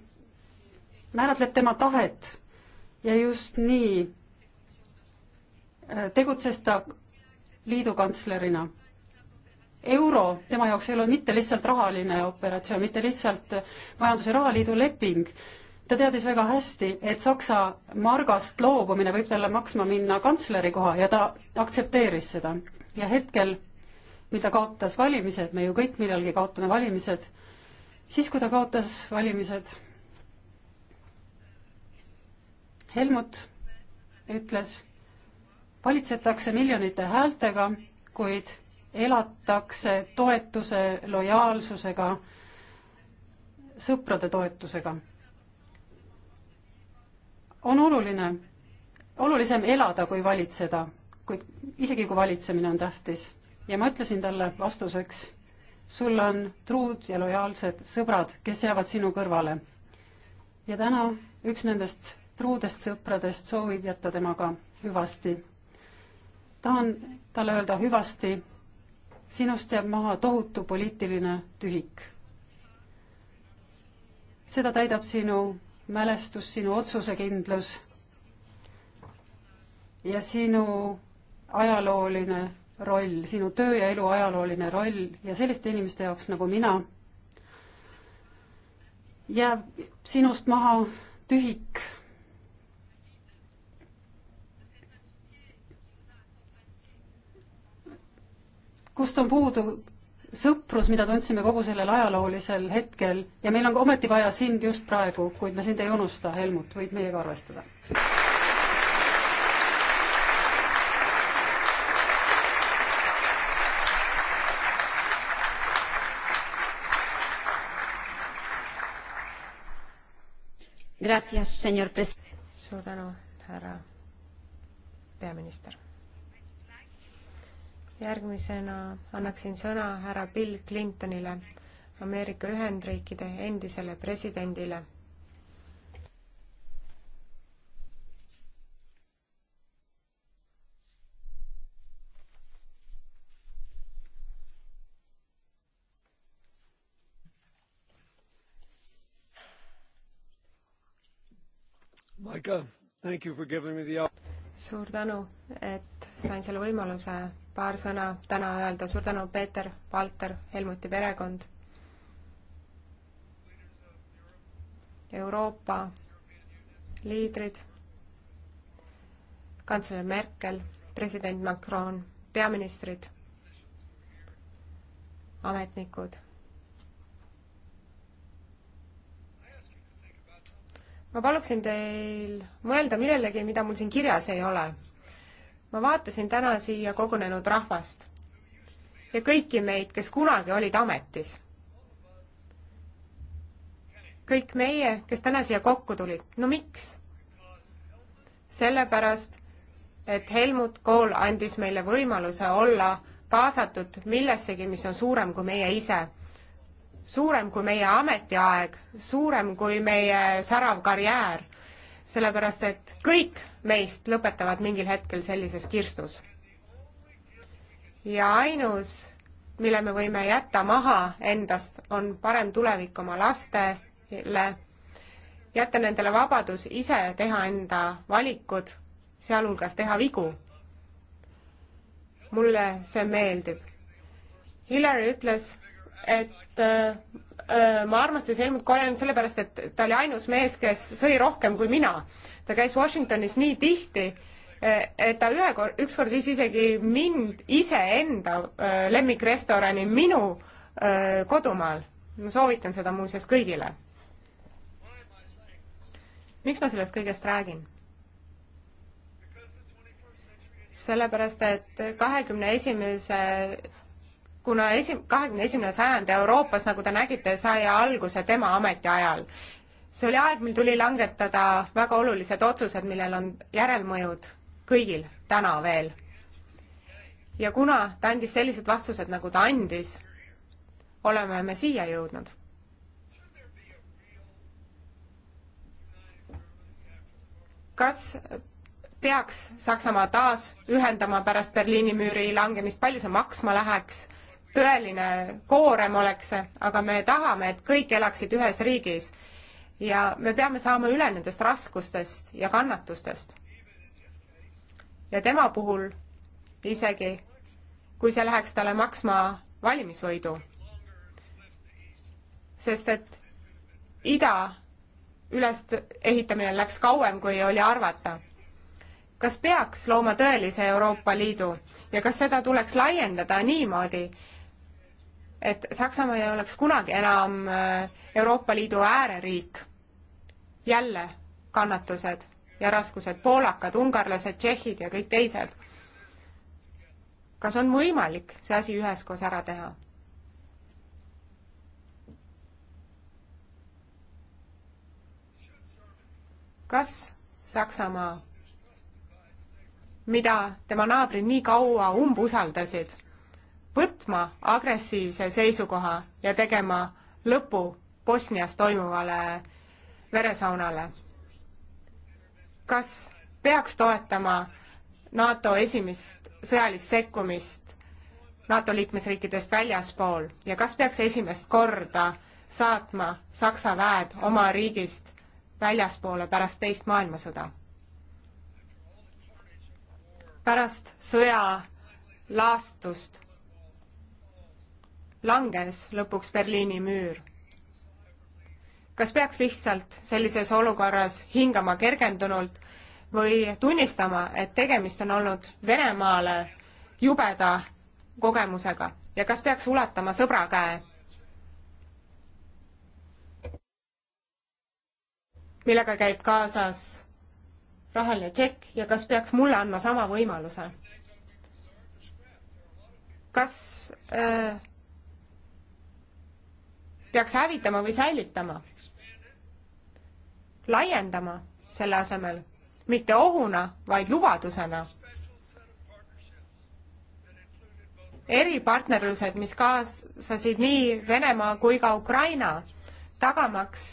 määratleb tema tahet ja just nii äh, tegutses ta liidukantslerina. euro tema jaoks ei ole mitte lihtsalt rahaline operatsioon, mitte lihtsalt majandus- ja rahaliidu leping, ta teadis väga hästi, et Saksa margast loobumine võib talle maksma minna kantsleri koha ja ta aktsepteeris seda. ja hetkel, mil ta kaotas valimised, me ju kõik millalgi kaotame valimised, siis kui ta kaotas valimised, Helmut ütles, valitsetakse miljonite häältega, kuid elatakse toetuse lojaalsusega, sõprade toetusega on oluline, olulisem elada kui valitseda, kuid isegi kui valitsemine on tähtis. ja ma ütlesin talle vastuseks, sul on truud ja lojaalsed sõbrad, kes jäävad sinu kõrvale. ja täna üks nendest truudest sõpradest soovib jätta temaga hüvasti. tahan talle öelda hüvasti, sinust jääb maha tohutu poliitiline tühik. seda täidab sinu mälestus, sinu otsusekindlus ja sinu ajalooline roll, sinu töö ja elu ajalooline roll ja selliste inimeste jaoks nagu mina jääb sinust maha tühik. kust on puudu sõprus, mida tundsime kogu sellel ajaloolisel hetkel ja meil on ometi vaja sind just praegu, kuid me sind ei unusta, Helmut, võid meiega arvestada.
suur tänu, härra peaminister järgmisena annaksin sõna härra Bill Clintonile, Ameerika Ühendriikide endisele presidendile.
Micah, thank you for giving me the opportunity
suur tänu, et sain selle võimaluse paar sõna täna öelda. suur tänu, Peeter, Valter, Helmuti perekond. Euroopa liidrid, kantsler Merkel, president Macron, peaministrid, ametnikud ma paluksin teil mõelda millelegi, mida mul siin kirjas ei ole. ma vaatasin täna siia kogunenud rahvast ja kõiki meid, kes kunagi olid ametis. kõik meie, kes täna siia kokku tulid, no miks? sellepärast, et Helmut Kohl andis meile võimaluse olla kaasatud millessegi, mis on suurem kui meie ise suurem kui meie ametiaeg, suurem kui meie särav karjäär, sellepärast et kõik meist lõpetavad mingil hetkel sellises kirstus. ja ainus, mille me võime jätta maha endast, on parem tulevik oma lastele, jätta nendele vabadus ise teha enda valikud, sealhulgas teha vigu. mulle see meeldib. Hillary ütles, et Äh, äh, ma armastasin Helmut Kolenit sellepärast, et ta oli ainus mees, kes sõi rohkem kui mina. ta käis Washingtonis nii tihti, äh, et ta ühe kord, ükskord viis isegi mind iseenda lemmikrestorani minu kodumaal. ma soovitan seda muuseas kõigile. miks ma sellest kõigest räägin? sellepärast, et kahekümne esimese kuna esi-, kahekümne esimene sajand Euroopas, nagu te nägite, sai alguse tema ametiajal. see oli aeg, mil tuli langetada väga olulised otsused, millel on järelmõjud kõigil täna veel. ja kuna ta andis sellised vastused, nagu ta andis, oleme me siia jõudnud. kas peaks Saksamaa taas ühendama pärast Berliini müüri langemist, palju see maksma läheks? tõeline koorem oleks, aga me tahame, et kõik elaksid ühes riigis. ja me peame saama üle nendest raskustest ja kannatustest. ja tema puhul isegi, kui see läheks talle maksma valimisvõidu. sest et ida üles ehitamine läks kauem, kui oli arvata kas peaks looma tõelise Euroopa Liidu ja kas seda tuleks laiendada niimoodi, et Saksamaa ei oleks kunagi enam äh, Euroopa Liidu ääreriik. jälle kannatused ja raskused, poolakad, ungarlased, tšehhid ja kõik teised. kas on võimalik see asi üheskoos ära teha? kas Saksamaa, mida tema naabrid nii kaua umbusaldasid võtma agressiivse seisukoha ja tegema lõpu Bosnias toimuvale veresaunale. kas peaks toetama NATO esimest sõjalist sekkumist NATO liikmesriikidest väljaspool ja kas peaks esimest korda saatma Saksa väed oma riigist väljaspoole pärast teist maailmasõda? pärast sõja laastust langes lõpuks Berliini müür. kas peaks lihtsalt sellises olukorras hingama kergendunult või tunnistama, et tegemist on olnud Venemaale jubeda kogemusega ja kas peaks ulatama sõbra käe? millega käib kaasas rahaline tšekk ja kas peaks mulle andma sama võimaluse? kas äh, peaks hävitama või säilitama. laiendama selle asemel, mitte ohuna, vaid lubadusena. eripartnerlused, mis kaasasid nii Venemaa kui ka Ukraina, tagamaks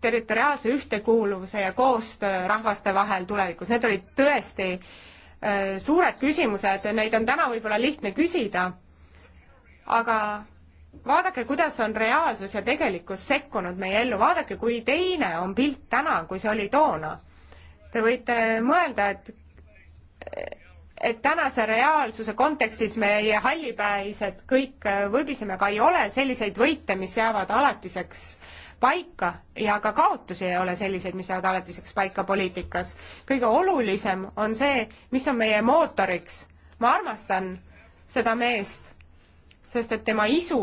territoriaalse ühtekuuluvuse ja koostöö rahvaste vahel tulevikus, need olid tõesti äh, suured küsimused, neid on täna võib-olla lihtne küsida aga vaadake, kuidas on reaalsus ja tegelikkus sekkunud meie ellu, vaadake, kui teine on pilt täna, kui see oli toona. Te võite mõelda, et et tänase reaalsuse kontekstis meie hallipäised kõik äh, võbiseme, aga ei ole selliseid võite, mis jäävad alatiseks paika ja ka kaotusi ei ole selliseid, mis jäävad alatiseks paika poliitikas. kõige olulisem on see, mis on meie mootoriks. ma armastan seda meest sest et tema isu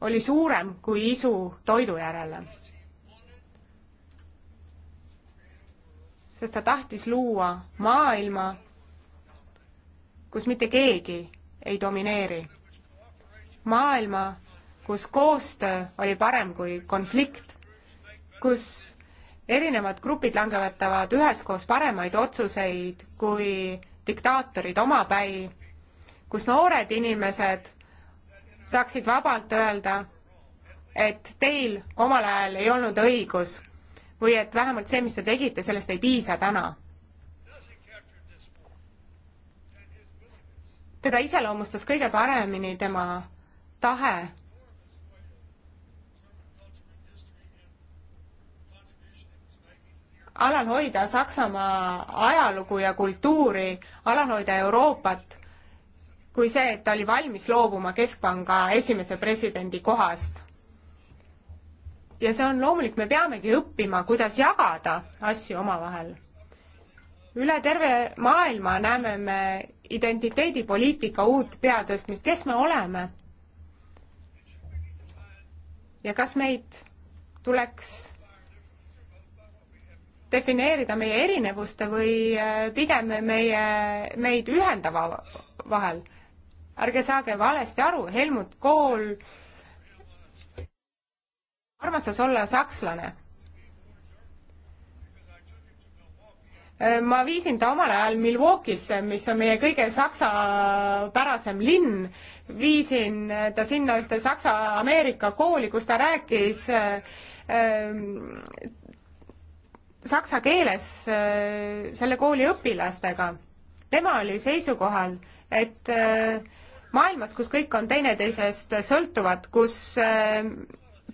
oli suurem kui isu toidu järele. sest ta tahtis luua maailma, kus mitte keegi ei domineeri. maailma, kus koostöö oli parem kui konflikt, kus erinevad grupid langetavad üheskoos paremaid otsuseid kui diktaatorid omapäi kus noored inimesed saaksid vabalt öelda, et teil omal ajal ei olnud õigus või et vähemalt see, mis te tegite, sellest ei piisa täna. teda iseloomustas kõige paremini tema tahe alal hoida Saksamaa ajalugu ja kultuuri, alal hoida Euroopat kui see, et ta oli valmis loobuma Keskpanga esimese presidendi kohast. ja see on loomulik, me peamegi õppima, kuidas jagada asju omavahel. üle terve maailma näeme me identiteedipoliitika uut peatõstmist, kes me oleme? ja kas meid tuleks defineerida meie erinevuste või eh, pigem meie, meid ühendava vahel? ärge saage valesti aru, Helmut Kohl armastas olla sakslane. ma viisin ta omal ajal Milwaukee'sse, mis on meie kõige saksapärasem linn, viisin ta sinna ühte Saksa-Ameerika kooli, kus ta rääkis äh, äh, saksa keeles äh, selle kooli õpilastega. tema oli seisukohal, et äh, maailmas, kus kõik on teineteisest sõltuvad, kus äh,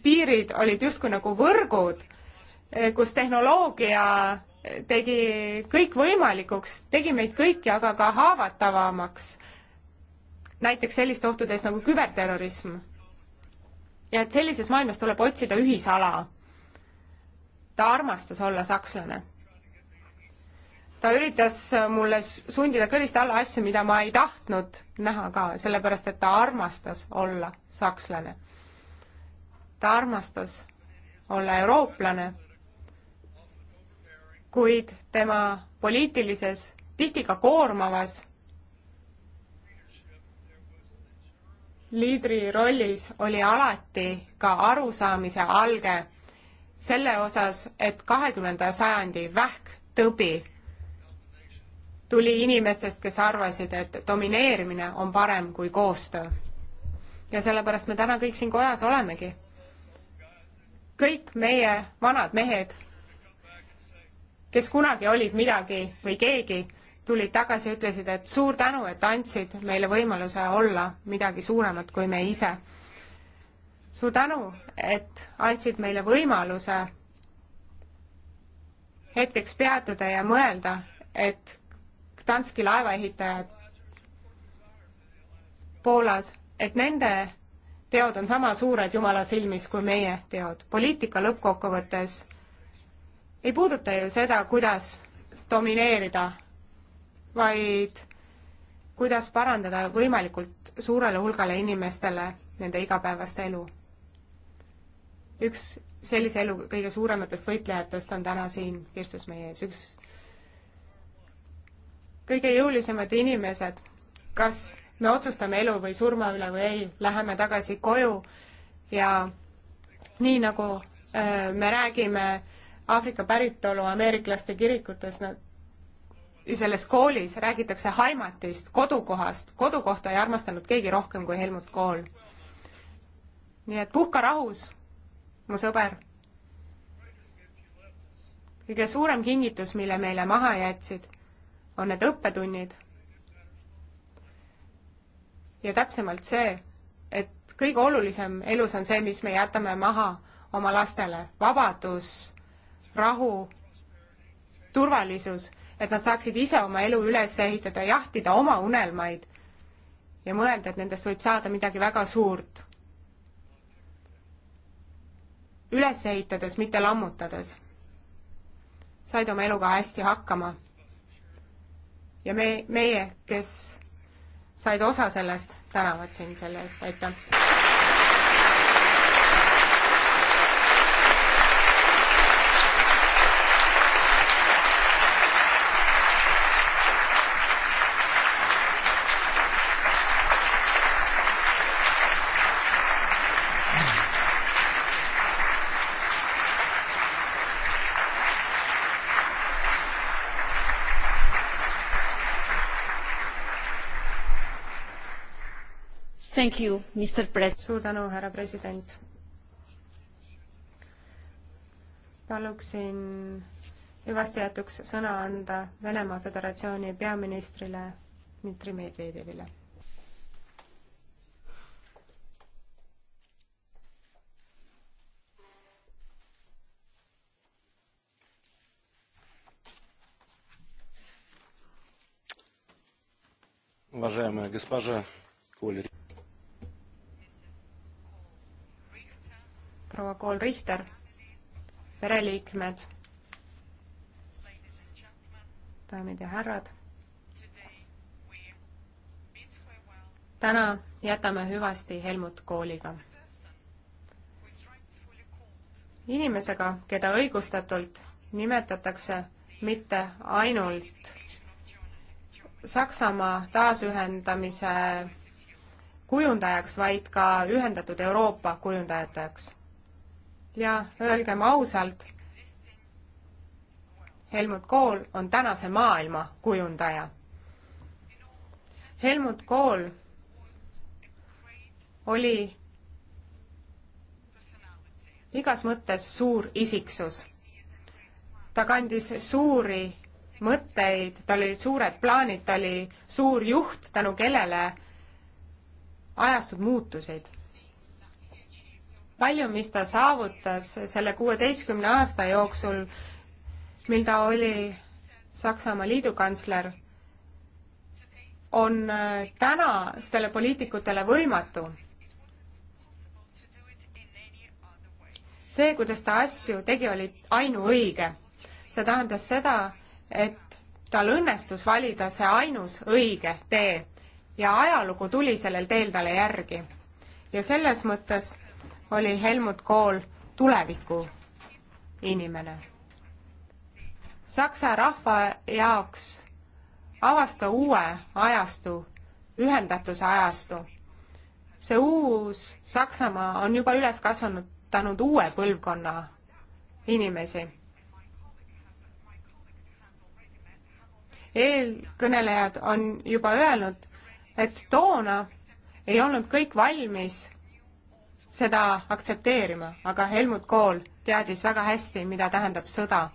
piirid olid justkui nagu võrgud, äh, kus tehnoloogia tegi kõik võimalikuks, tegi meid kõiki aga ka haavatavamaks. näiteks selliste ohtude ees nagu küberterrorism. ja et sellises maailmas tuleb otsida ühisala. ta armastas olla sakslane ta üritas mulle sundida kõrist alla asju, mida ma ei tahtnud näha ka, sellepärast et ta armastas olla sakslane. ta armastas olla eurooplane, kuid tema poliitilises, tihti ka koormavas liidri rollis oli alati ka arusaamise alge selle osas, et kahekümnenda sajandi vähktõbi tuli inimestest, kes arvasid, et domineerimine on parem kui koostöö. ja sellepärast me täna kõik siin kojas olemegi. kõik meie vanad mehed, kes kunagi olid midagi või keegi, tulid tagasi ja ütlesid, et suur tänu, et andsid meile võimaluse olla midagi suuremat kui me ise. suur tänu, et andsid meile võimaluse hetkeks peatuda ja mõelda, et Gdanski laevaehitajad Poolas, et nende teod on sama suured Jumala silmis kui meie teod. poliitika lõppkokkuvõttes ei puuduta ju seda, kuidas domineerida, vaid kuidas parandada võimalikult suurele hulgale inimestele nende igapäevast elu. üks sellise elu kõige suurematest võitlejatest on täna siin Kirstus meie ees, üks kõige jõulisemad inimesed, kas me otsustame elu või surma üle või ei, läheme tagasi koju ja nii nagu öö, äh, me räägime Aafrika päritolu ameeriklaste kirikutes, nad selles koolis räägitakse haimatist, kodukohast, kodukohta ei armastanud keegi rohkem kui Helmut Kool. nii et puhka rahus, mu sõber. kõige suurem kingitus, mille meile maha jätsid, on need õppetunnid. ja täpsemalt see, et kõige olulisem elus on see, mis me jätame maha oma lastele, vabadus, rahu, turvalisus, et nad saaksid ise oma elu üles ehitada, jahtida oma unelmaid ja mõelda, et nendest võib saada midagi väga suurt üles ehitades, mitte lammutades. said oma eluga hästi hakkama ja me, meie, kes said osa sellest, tänavad sind selle eest, aitäh! Thank you, Mr President. suur tänu, härra president. paluksin hüvasti jätuks sõna anda Venemaa Föderatsiooni peaministrile Dmitri Medvedjevile.
Уважаемая госпожа Колер.
Kool Richter, pereliikmed, daamid ja härrad. täna jätame hüvasti Helmut Kooliga. inimesega, keda õigustatult nimetatakse mitte ainult Saksamaa taasühendamise kujundajaks, vaid ka ühendatud Euroopa kujundajateks ja öelgem ausalt, Helmut Kool on tänase maailma kujundaja. Helmut Kool oli igas mõttes suur isiksus. ta kandis suuri mõtteid, tal olid suured plaanid, ta oli suur juht, tänu kellele ajastud muutusid palju, mis ta saavutas selle kuueteistkümne aasta jooksul, mil ta oli Saksamaa liidukantsler, on äh, tänastele poliitikutele võimatu. see, kuidas ta asju tegi, oli ainuõige. see tähendas seda, et tal õnnestus valida see ainus õige tee ja ajalugu tuli sellel teel talle järgi. ja selles mõttes oli Helmut Kohl tuleviku inimene. Saksa rahva jaoks avasta uue ajastu, ühendatuse ajastu. see uus Saksamaa on juba üles kasvanutanud uue põlvkonna inimesi. eelkõnelejad on juba öelnud, et toona ei olnud kõik valmis seda aktsepteerima, aga Helmut Kohl teadis väga hästi, mida tähendab sõda.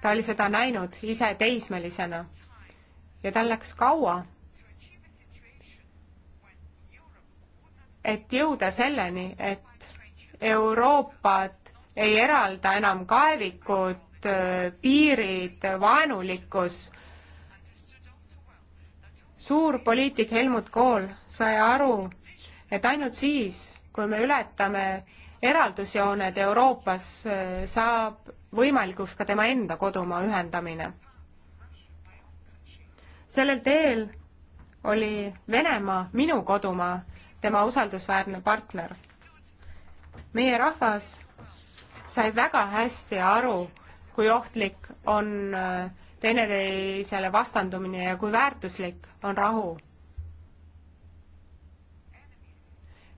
ta oli seda näinud ise teismelisena ja tal läks kaua, et jõuda selleni, et Euroopat ei eralda enam kaevikud, piirid, vaenulikkus. suur poliitik Helmut Kohl sai aru, et ainult siis, kui me ületame eraldusjooned Euroopas, saab võimalikuks ka tema enda kodumaa ühendamine. sellel teel oli Venemaa minu kodumaa, tema usaldusväärne partner. meie rahvas sai väga hästi aru, kui ohtlik on teineteisele vastandumine ja kui väärtuslik on rahu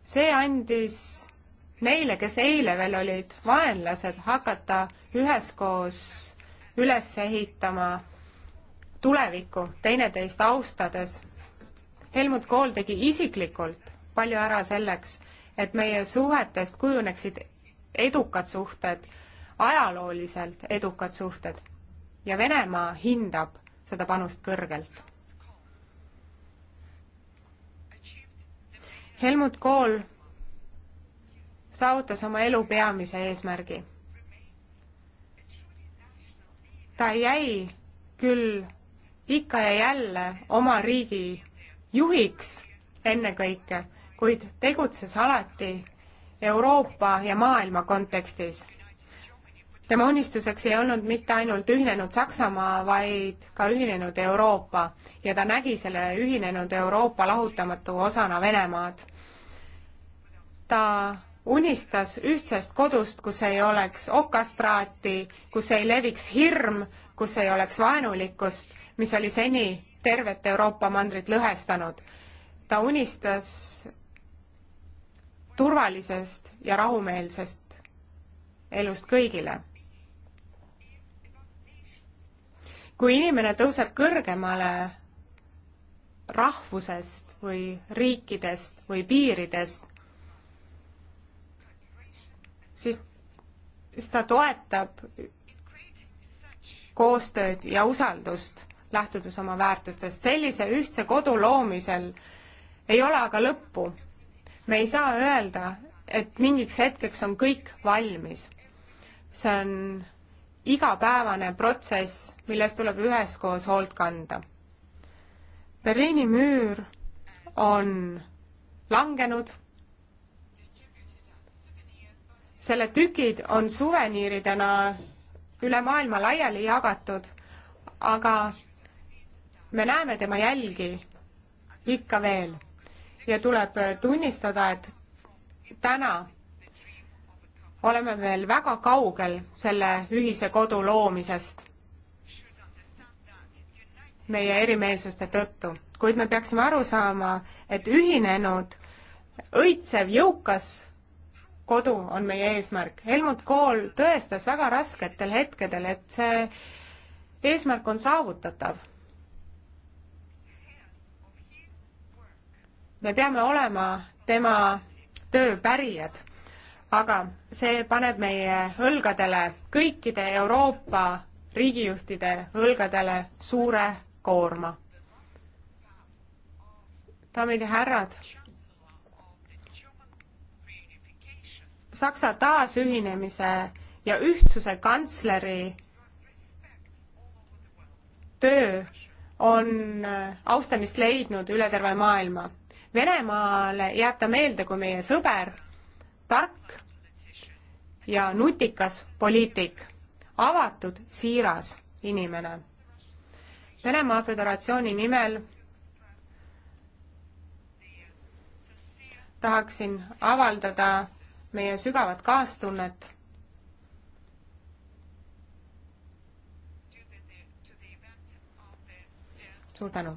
see andis neile, kes eile veel olid vaenlased, hakata üheskoos üles ehitama tulevikku teineteist austades. Helmut Kohl tegi isiklikult palju ära selleks, et meie suhetest kujuneksid edukad suhted, ajalooliselt edukad suhted ja Venemaa hindab seda panust kõrgelt Helmut Kohl saavutas oma elu peamise eesmärgi. ta jäi küll ikka ja jälle oma riigi juhiks ennekõike, kuid tegutses alati Euroopa ja maailma kontekstis tema unistuseks ei olnud mitte ainult ühinenud Saksamaa, vaid ka ühinenud Euroopa ja ta nägi selle ühinenud Euroopa lahutamatu osana Venemaad. ta unistas ühtsest kodust, kus ei oleks okastraati, kus ei leviks hirm, kus ei oleks vaenulikkust, mis oli seni tervet Euroopa mandrit lõhestanud. ta unistas turvalisest ja rahumeelsest elust kõigile kui inimene tõuseb kõrgemale rahvusest või riikidest või piiridest, siis, siis ta toetab koostööd ja usaldust, lähtudes oma väärtustest. sellise ühtse kodu loomisel ei ole aga lõppu. me ei saa öelda, et mingiks hetkeks on kõik valmis. see on igapäevane protsess, milles tuleb üheskoos hoolt kanda. Berliini müür on langenud, selle tükid on suveniiridena üle maailma laiali jagatud, aga me näeme tema jälgi ikka veel ja tuleb tunnistada, et täna oleme veel väga kaugel selle ühise kodu loomisest meie erimeelsuste tõttu, kuid me peaksime aru saama, et ühinenud, õitsev, jõukas kodu on meie eesmärk. Helmut Kohl tõestas väga rasketel hetkedel, et see eesmärk on saavutatav. me peame olema tema töö pärijad aga see paneb meie õlgadele, kõikide Euroopa riigijuhtide õlgadele suure koorma. daamid ja härrad, Saksa taasühinemise ja ühtsuse kantsleri töö on austamist leidnud üle terve maailma. Venemaale jääb ta meelde kui meie sõber tark ja nutikas poliitik, avatud, siiras inimene. Venemaa Föderatsiooni nimel tahaksin avaldada meie sügavat kaastunnet suur tänu!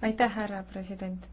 aitäh, härra president!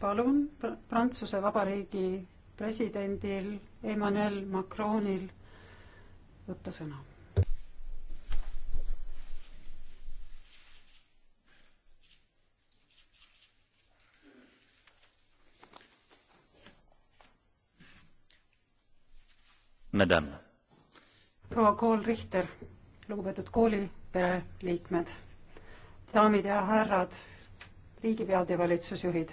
palun Prantsuse Vabariigi presidendil Emmanuel Macronil võtta sõna. proua Kool-Richter, lugupeetud koolipere liikmed daamid ja härrad, riigipead ja valitsusjuhid,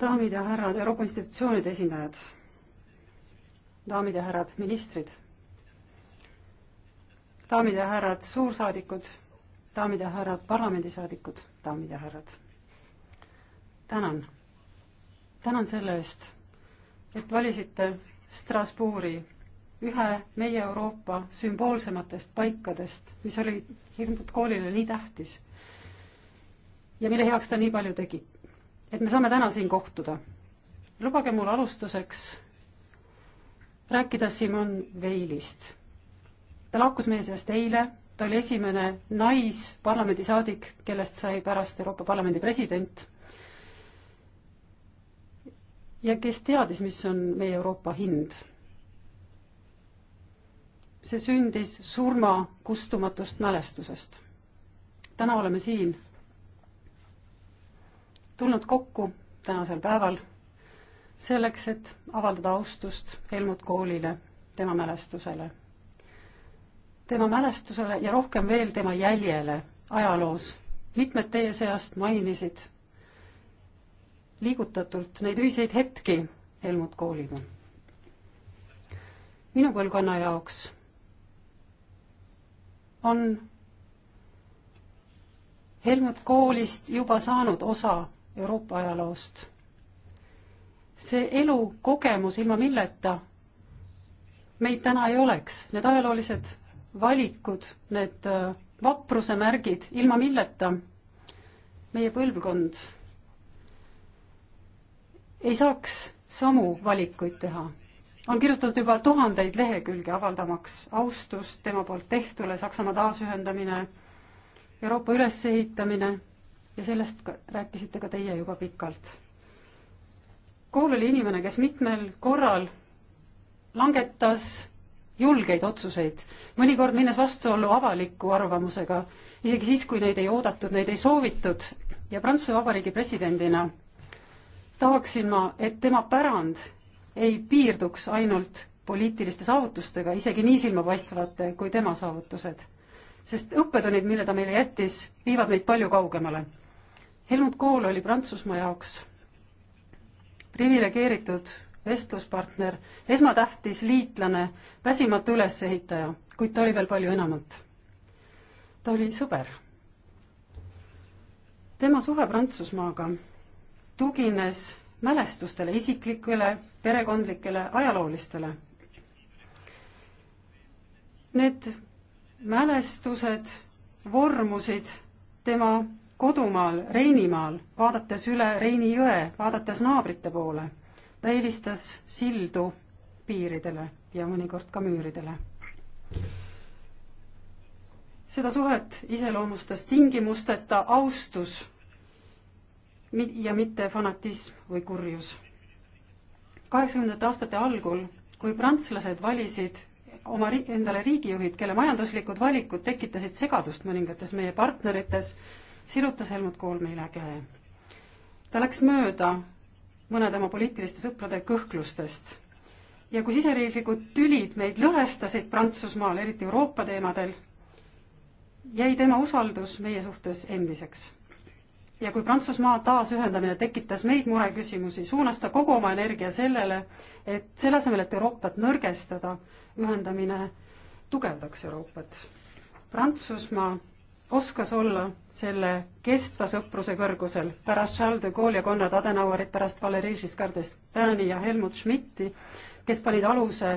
daamid ja härrad, Euroopa institutsioonide esindajad, daamid ja härrad, ministrid, daamid ja härrad, suursaadikud, daamid ja härrad, parlamendisaadikud, daamid ja härrad. tänan, tänan selle eest, et valisite Strasbourgi ühe meie Euroopa sümboolsematest paikadest, mis oli hirmult koolile nii tähtis ja mille heaks ta nii palju tegi. et me saame täna siin kohtuda. lubage mul alustuseks rääkida Simon Veilist. ta lahkus meie seast eile, ta oli esimene naisparlamendisaadik, kellest sai pärast Euroopa Parlamendi president ja kes teadis, mis on meie Euroopa hind see sündis surma kustumatust mälestusest. täna oleme siin tulnud kokku tänasel päeval selleks, et avaldada austust Helmut Koolile, tema mälestusele. tema mälestusele ja rohkem veel tema jäljele ajaloos. mitmed teie seast mainisid liigutatult neid ühiseid hetki Helmut Kooliga. minu põlvkonna jaoks on Helmut Koolist juba saanud osa Euroopa ajaloost. see elukogemus, ilma milleta meid täna ei oleks, need ajaloolised valikud, need äh, vapruse märgid, ilma milleta meie põlvkond ei saaks samu valikuid teha on kirjutatud juba tuhandeid lehekülgi, avaldamaks austust tema poolt tehtule, Saksamaa taasühendamine, Euroopa ülesehitamine ja sellest ka, rääkisite ka teie juba pikalt. Kool oli inimene, kes mitmel korral langetas julgeid otsuseid, mõnikord minnes vastuollu avaliku arvamusega, isegi siis, kui neid ei oodatud, neid ei soovitud ja Prantsuse Vabariigi presidendina tahaksin ma, et tema pärand ei piirduks ainult poliitiliste saavutustega, isegi nii silmapaistvate kui tema saavutused. sest õppetunnid, mille ta meile jättis, viivad meid palju kaugemale. Helmut Kohl oli Prantsusmaa jaoks priviligeeritud vestluspartner, esmatähtis liitlane, väsimatu ülesehitaja, kuid ta oli veel palju enamat. ta oli sõber. tema suhe Prantsusmaaga tugines mälestustele, isiklikele, perekondlikele, ajaloolistele. Need mälestused vormusid tema kodumaal Reinimaal, vaadates üle Reini jõe, vaadates naabrite poole. ta eelistas sildu piiridele ja mõnikord ka müüridele. seda suhet iseloomustas tingimusteta austus ja mitte fanatism või kurjus. kaheksakümnendate aastate algul, kui prantslased valisid oma ri-, endale riigijuhid, kelle majanduslikud valikud tekitasid segadust mõningates meie partnerites, sirutas Helmut Kohl meile käe. ta läks mööda mõne tema poliitiliste sõprade kõhklustest ja kui siseriiklikud tülid meid lõhestasid Prantsusmaal, eriti Euroopa teemadel, jäi tema usaldus meie suhtes endiseks ja kui Prantsusmaa taasühendamine tekitas meid mureküsimusi, suunas ta kogu oma energia sellele, et selle asemel, et Euroopat nõrgestada, ühendamine tugevdaks Euroopat. Prantsusmaa oskas olla selle kestva sõpruse kõrgusel pärast Charles de Gaulle'i ja Konrad Adenauerit, pärast Valeri Giscard d'Estaing'i ja Helmut Schmidti, kes panid aluse,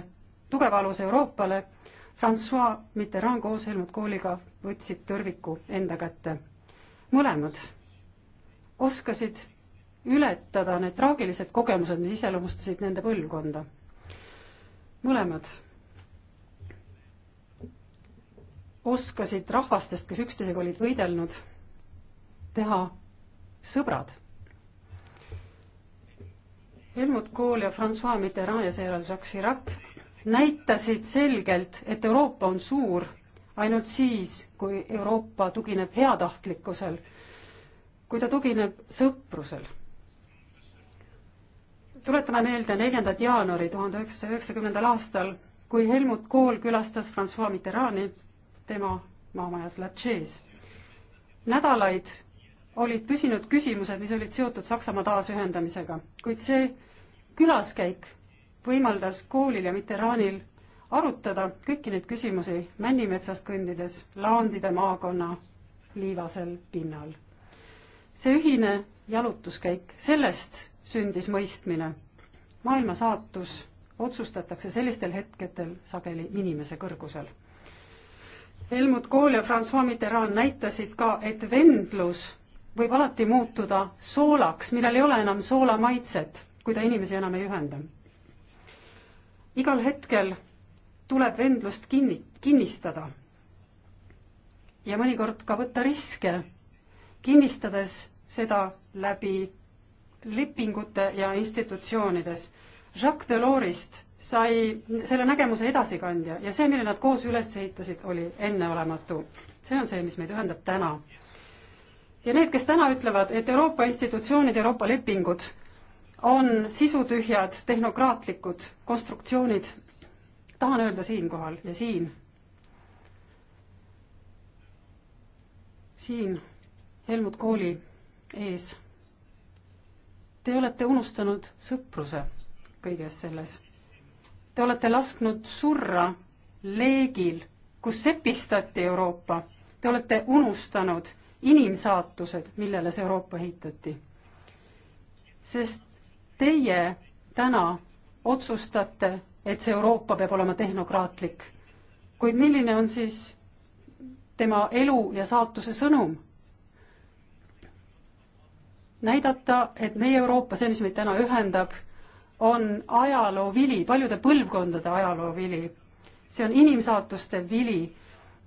tugeva aluse Euroopale, Francois Mitterrand koos Helmut Kooliga võtsid tõrviku enda kätte. mõlemad oskasid ületada need traagilised kogemused, mis iseloomustasid nende põlvkonda. mõlemad oskasid rahvastest, kes üksteisega olid võidelnud, teha sõbrad. Helmut Kohl ja Francois Mitterrand ja seejärel Jacques Chirac näitasid selgelt, et Euroopa on suur ainult siis, kui Euroopa tugineb heatahtlikkusel kui ta tugineb sõprusel. tuletame meelde neljandat jaanuari tuhande üheksasaja üheksakümnendal aastal, kui Helmut Kohl külastas Francois Mitterrandi tema maamajas La Chaise. nädalaid olid püsinud küsimused, mis olid seotud Saksamaa taasühendamisega, kuid see külaskäik võimaldas koolil ja Mitterrandil arutada kõiki neid küsimusi männimetsast kõndides Laandide maakonna liivasel pinnal see ühine jalutuskäik, sellest sündis mõistmine. maailma saatus otsustatakse sellistel hetkedel sageli inimese kõrgusel. Helmut Kohl ja Francois Mitterrand näitasid ka, et vendlus võib alati muutuda soolaks, millel ei ole enam soolamaitset, kui ta inimesi enam ei ühenda. igal hetkel tuleb vendlust kinni, kinnistada ja mõnikord ka võtta riske kinnistades seda läbi lepingute ja institutsioonides. Jacques Delorsist sai selle nägemuse edasikandja ja see, mille nad koos üles ehitasid, oli enneolematu. see on see, mis meid ühendab täna. ja need, kes täna ütlevad, et Euroopa institutsioonid, Euroopa lepingud on sisutühjad tehnokraatlikud konstruktsioonid, tahan öelda siinkohal ja siin, siin Helmut Kooli ees. Te olete unustanud sõpruse kõiges selles. Te olete lasknud surra leegil, kus sepistati Euroopa. Te olete unustanud inimsaatused, millele see Euroopa ehitati. sest teie täna otsustate, et see Euroopa peab olema tehnokraatlik. kuid milline on siis tema elu ja saatuse sõnum? näidata, et meie Euroopa, see, mis meid täna ühendab, on ajaloo vili, paljude põlvkondade ajaloo vili. see on inimsaatuste vili.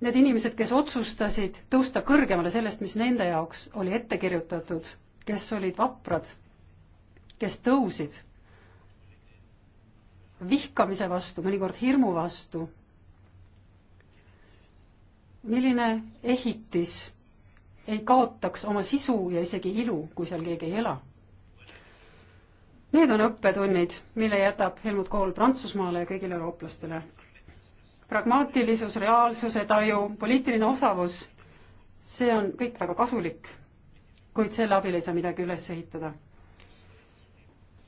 Need inimesed, kes otsustasid tõusta kõrgemale sellest, mis nende jaoks oli ette kirjutatud, kes olid vaprad, kes tõusid vihkamise vastu, mõnikord hirmu vastu. milline ehitis ei kaotaks oma sisu ja isegi ilu, kui seal keegi ei ela. Need on õppetunnid, mille jätab Helmut Kohl Prantsusmaale ja kõigile eurooplastele. pragmaatilisus, reaalsuse taju, poliitiline osavus, see on kõik väga kasulik, kuid selle abil ei saa midagi üles ehitada.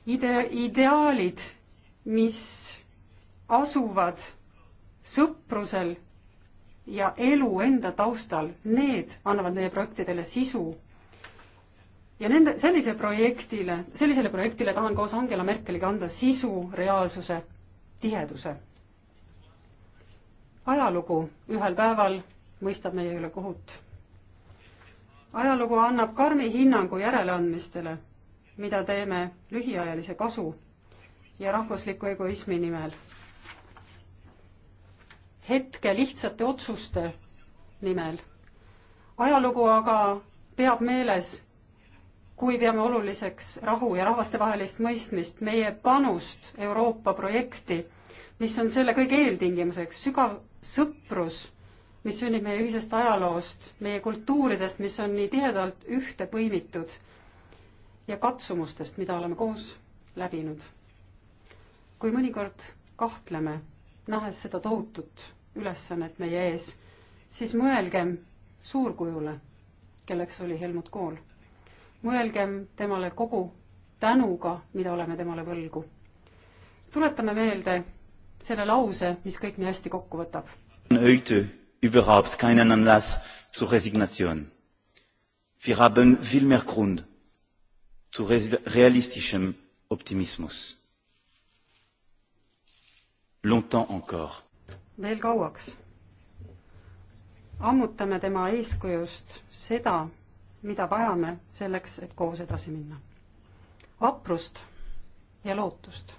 Ide-, ideaalid, mis asuvad sõprusel ja elu enda taustal, need annavad meie projektidele sisu. ja nende, sellise projektile, sellisele projektile tahan koos Angela Merkeliga anda sisu, reaalsuse, tiheduse. ajalugu ühel päeval mõistab meie üle kohut. ajalugu annab karmi hinnangu järeleandmistele, mida teeme lühiajalise kasu ja rahvusliku egoismi nimel hetke lihtsate otsuste nimel. ajalugu aga peab meeles, kui peame oluliseks rahu ja rahvastevahelist mõistmist, meie panust Euroopa projekti, mis on selle kõige eeltingimuseks, sügav sõprus, mis sünnib meie ühisest ajaloost, meie kultuuridest, mis on nii tihedalt ühte põimitud ja katsumustest, mida oleme koos läbinud. kui mõnikord kahtleme, nähes seda tohutut ülesannet meie ees, siis mõelgem suurkujule, kelleks oli Helmut Kool. mõelgem temale kogu tänuga, mida oleme temale võlgu. tuletame meelde selle lause, mis kõik nii hästi kokku võtab.
Heute überhaupt keinen Anlass zur Resignation. Wir haben viel mehr Grund zu realistischem Optimismus. Longtemps encore
veel kauaks. ammutame tema eeskujust seda, mida vajame selleks, et koos edasi minna. vaprust ja lootust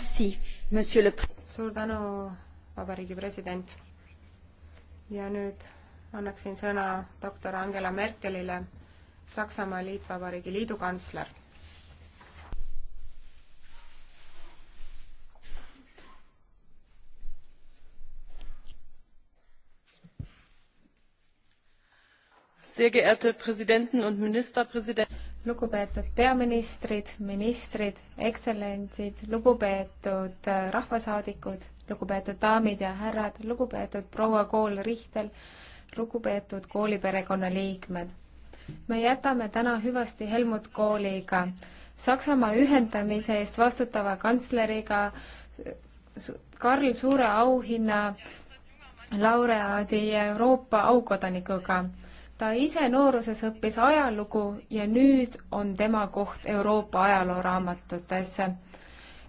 suur tänu,
Vabariigi
President. ja nüüd annaksin sõna doktor Angela Merkelile, Saksamaa Liitvabariigi liidu kantsler
sehr geehrte präsidenten und ministerpräsidenten! lugupeetud peaministrid, ministrid, ekstsellentsid, lugupeetud äh, rahvasaadikud, lugupeetud daamid ja härrad, lugupeetud proua kool Rihtel, lugupeetud kooliperekonna liikmed. me jätame täna hüvasti Helmut Kooliga, Saksamaa ühendamise eest vastutava kantsleriga, äh, Karl Suure auhinna laureaadi Euroopa aukodanikuga ta ise nooruses õppis ajalugu ja nüüd on tema koht Euroopa ajalooraamatutes.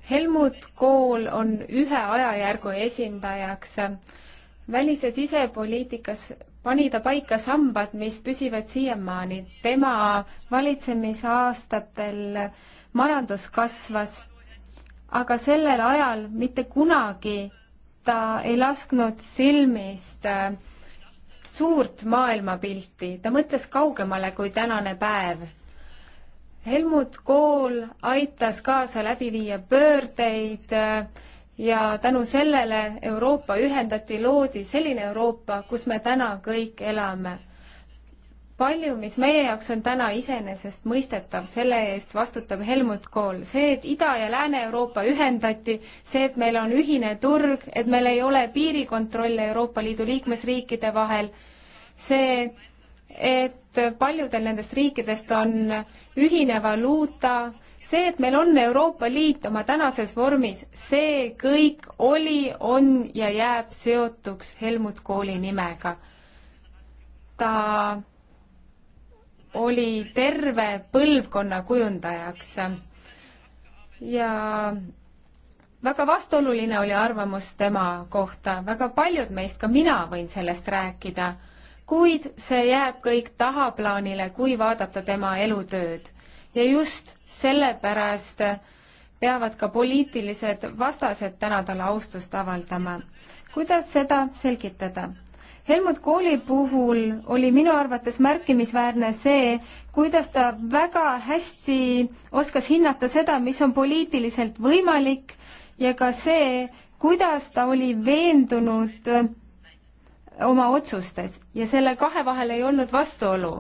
Helmut Kool on ühe ajajärgu esindajaks. välis- ja sisepoliitikas pani ta paika sambad, mis püsivad siiamaani. tema valitsemisaastatel majandus kasvas, aga sellel ajal mitte kunagi ta ei lasknud silmist äh, suurt maailmapilti, ta mõtles kaugemale kui tänane päev. Helmut Kool aitas kaasa läbi viia pöördeid äh, ja tänu sellele Euroopa ühendati, loodi selline Euroopa, kus me täna kõik elame. palju, mis meie jaoks on täna iseenesestmõistetav, selle eest vastutab Helmut Kool. see, et Ida- ja Lääne-Euroopa ühendati, see, et meil on ühine turg, et meil ei ole piirikontrolle Euroopa Liidu liikmesriikide vahel see, et paljudel nendest riikidest on ühine valuuta, see, et meil on Euroopa Liit oma tänases vormis, see kõik oli, on ja jääb seotuks Helmut Kooli nimega. ta oli terve põlvkonna kujundajaks ja väga vastuoluline oli arvamus tema kohta, väga paljud meist, ka mina võin sellest rääkida kuid see jääb kõik tahaplaanile, kui vaadata tema elutööd. ja just sellepärast peavad ka poliitilised vastased täna talle austust avaldama. kuidas seda selgitada? Helmut Kooli puhul oli minu arvates märkimisväärne see, kuidas ta väga hästi oskas hinnata seda, mis on poliitiliselt võimalik ja ka see, kuidas ta oli veendunud oma otsustes ja selle kahe vahel ei olnud vastuolu.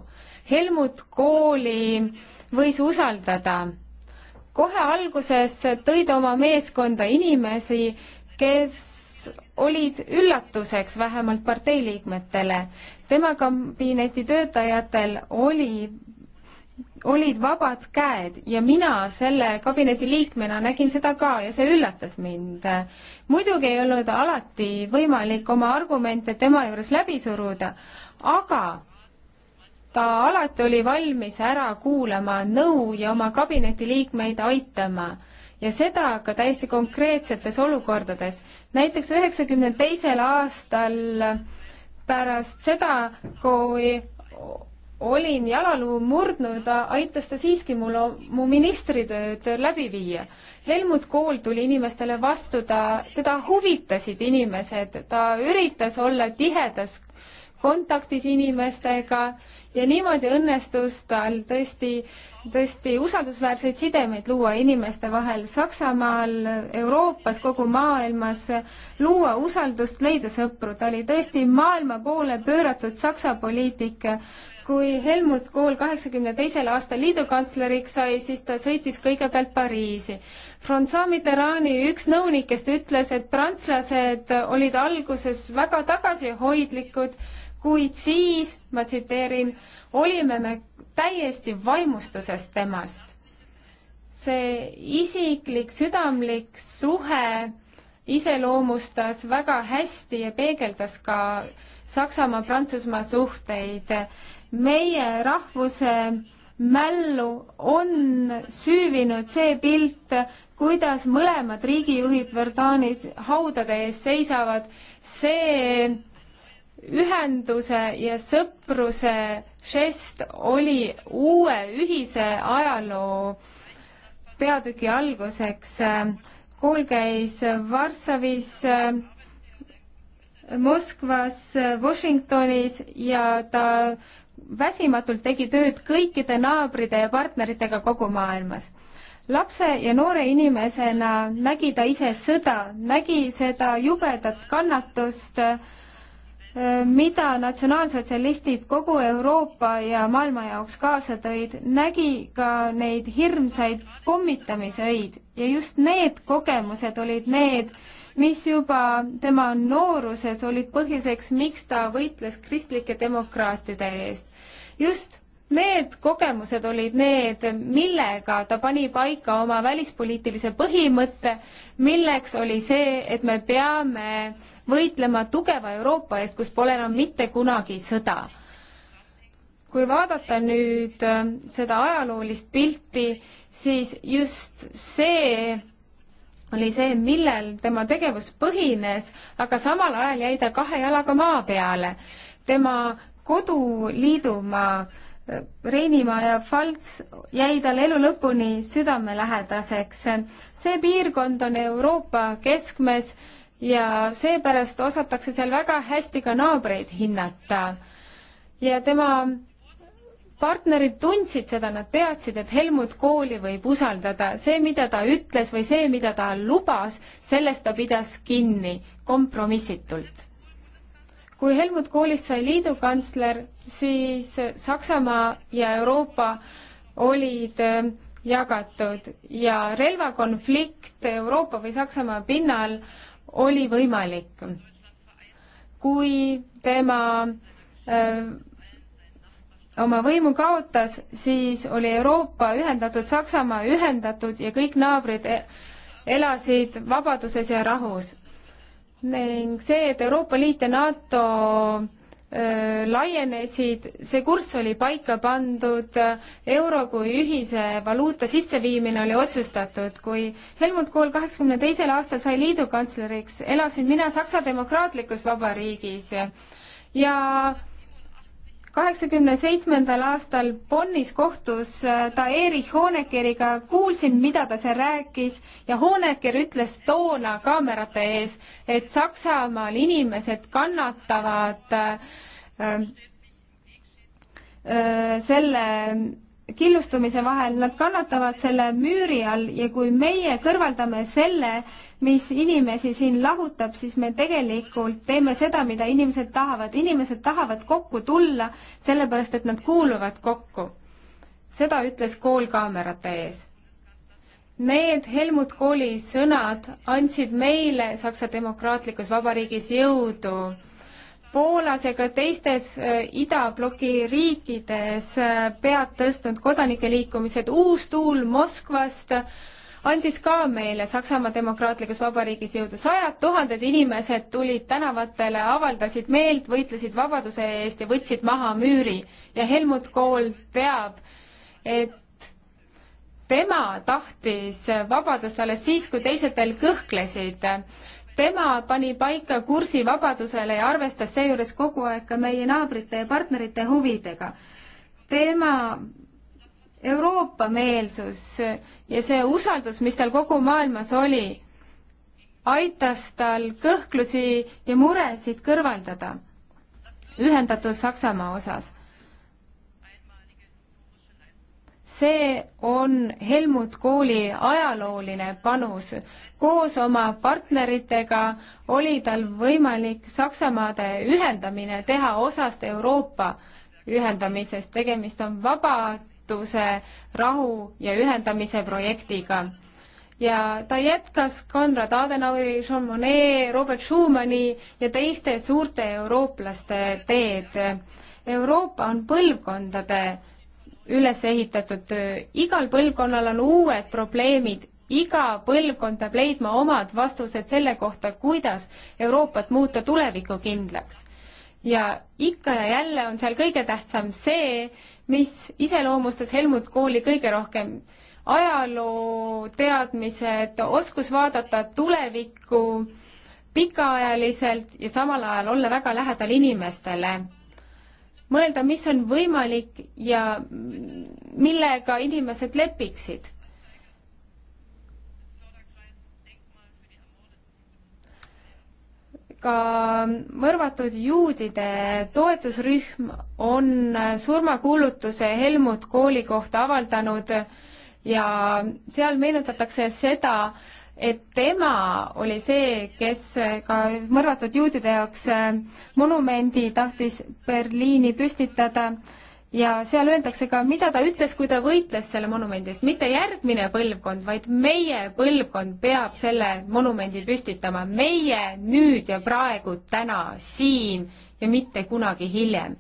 Helmut Kooli võis usaldada. kohe alguses tõi ta oma meeskonda inimesi, kes olid üllatuseks vähemalt parteiliikmetele. tema kabineti töötajatel oli olid vabad käed ja mina selle kabineti liikmena nägin seda ka ja see üllatas mind. muidugi ei olnud alati võimalik oma argumente tema juures läbi suruda, aga ta alati oli valmis ära kuulama nõu ja oma kabineti liikmeid aitama ja seda ka täiesti konkreetsetes olukordades. näiteks üheksakümne teisel aastal pärast seda, kui olin jalaluu murdnud, aitas ta siiski mul mu ministritööd läbi viia. Helmut Kool tuli inimestele vastu, ta, teda huvitasid inimesed, ta üritas olla tihedas kontaktis inimestega ja niimoodi õnnestus tal tõesti, tõesti usaldusväärseid sidemeid luua inimeste vahel Saksamaal, Euroopas, kogu maailmas, luua usaldust, leida sõpru, ta oli tõesti maailma poole pööratud Saksa poliitik, kui Helmut Kohl kaheksakümne teisel aastal liidukantsleriks sai, siis ta sõitis kõigepealt Pariisi. Francois Mitterrandi üks nõunikest ütles, et prantslased olid alguses väga tagasihoidlikud, kuid siis, ma tsiteerin, olime me täiesti vaimustuses temast. see isiklik südamlik suhe iseloomustas väga hästi ja peegeldas ka Saksamaa-Prantsusmaa suhteid meie rahvuse mällu on süüvinud see pilt, kuidas mõlemad riigijuhid Verdaanis haudade ees seisavad, see ühenduse ja sõpruse žest oli uue ühise ajaloo peatüki alguseks. kool käis Varssavis, Moskvas, Washingtonis ja ta väsimatult tegi tööd kõikide naabrite ja partneritega kogu maailmas. lapse ja noore inimesena nägi ta ise sõda, nägi seda jubedat kannatust, eh, mida natsionaalsotsialistid kogu Euroopa ja maailma jaoks kaasa tõid, nägi ka neid hirmsaid pommitamisöid ja just need kogemused olid need, mis juba tema nooruses olid põhjuseks, miks ta võitles kristlike demokraatide eest just need kogemused olid need, millega ta pani paika oma välispoliitilise põhimõtte, milleks oli see, et me peame võitlema tugeva Euroopa eest, kus pole enam mitte kunagi sõda. kui vaadata nüüd äh, seda ajaloolist pilti, siis just see oli see, millel tema tegevus põhines, aga samal ajal jäi ta kahe jalaga maa peale tema koduliidumaa Reinimaa ja Falts jäi tal elu lõpuni südamelähedaseks. see piirkond on Euroopa keskmes ja seepärast osatakse seal väga hästi ka naabreid hinnata. ja tema partnerid tundsid seda, nad teadsid, et Helmut Kooli võib usaldada, see, mida ta ütles või see, mida ta lubas, sellest ta pidas kinni kompromissitult kui Helmut Koolist sai liidukantsler, siis Saksamaa ja Euroopa olid äh, jagatud ja relvakonflikt Euroopa või Saksamaa pinnal oli võimalik. kui tema öö, äh, oma võimu kaotas, siis oli Euroopa ühendatud, Saksamaa ühendatud ja kõik naabrid e-, elasid vabaduses ja rahus ning see, et Euroopa Liit ja NATO öö, laienesid, see kurss oli paika pandud, euro kui ühise valuuta sisseviimine oli otsustatud. kui Helmut Kohl kaheksakümne teisel aastal sai liidukantsleriks, elasin mina Saksa Demokraatlikus Vabariigis ja kaheksakümne seitsmendal aastal Bonnis kohtus äh, ta Erich Honeckeriga, kuulsin, mida ta seal rääkis ja Honecker ütles toona kaamerate ees, et Saksamaal inimesed kannatavad äh, äh, selle killustumise vahel, nad kannatavad selle müüri all ja kui meie kõrvaldame selle, mis inimesi siin lahutab, siis me tegelikult teeme seda, mida inimesed tahavad. inimesed tahavad kokku tulla, sellepärast et nad kuuluvad kokku. seda ütles kool kaamerate ees. Need Helmut Kooli sõnad andsid meile Saksa Demokraatlikus Vabariigis jõudu Poolas ega teistes äh, idabloki riikides äh, pead tõstnud kodanike liikumised, uus tuul Moskvast andis ka meile Saksamaa Demokraatlikus Vabariigis jõudu. sajad tuhanded inimesed tulid tänavatele, avaldasid meelt, võitlesid vabaduse eest ja võtsid maha müüri. ja Helmut Kohl teab, et tema tahtis vabadust alles siis, kui teised veel kõhklesid tema pani paika kursi vabadusele ja arvestas seejuures kogu aeg ka meie naabrite ja partnerite huvidega. tema Euroopa-meelsus ja see usaldus, mis tal kogu maailmas oli, aitas tal kõhklusi ja muresid kõrvaldada ühendatud Saksamaa osas. see on Helmut Kooli ajalooline panus. koos oma partneritega oli tal võimalik Saksamaade ühendamine teha osast Euroopa ühendamisest, tegemist on vabaduse, rahu ja ühendamise projektiga ja ta jätkas Konrad Adenauri, Jean Monnet, Robert Schumanni ja teiste suurte eurooplaste teed. Euroopa on põlvkondade üles ehitatud töö. igal põlvkonnal on uued probleemid, iga põlvkond peab leidma omad vastused selle kohta, kuidas Euroopat muuta tulevikukindlaks. ja ikka ja jälle on seal kõige tähtsam see, mis iseloomustas Helmut Kooli kõige rohkem, ajaloo teadmised, oskus vaadata tulevikku pikaajaliselt ja samal ajal olla väga lähedal inimestele mõelda, mis on võimalik ja millega inimesed lepiksid. ka mõrvatud juudide toetusrühm on surmakuulutuse Helmut kooli kohta avaldanud ja seal meenutatakse seda, et tema oli see, kes ka mõrvatud juudide jaoks äh, monumendi tahtis Berliini püstitada ja seal öeldakse ka, mida ta ütles, kui ta võitles selle monumendi eest, mitte järgmine põlvkond, vaid meie põlvkond peab selle monumendi püstitama, meie nüüd ja praegu, täna, siin ja mitte kunagi hiljem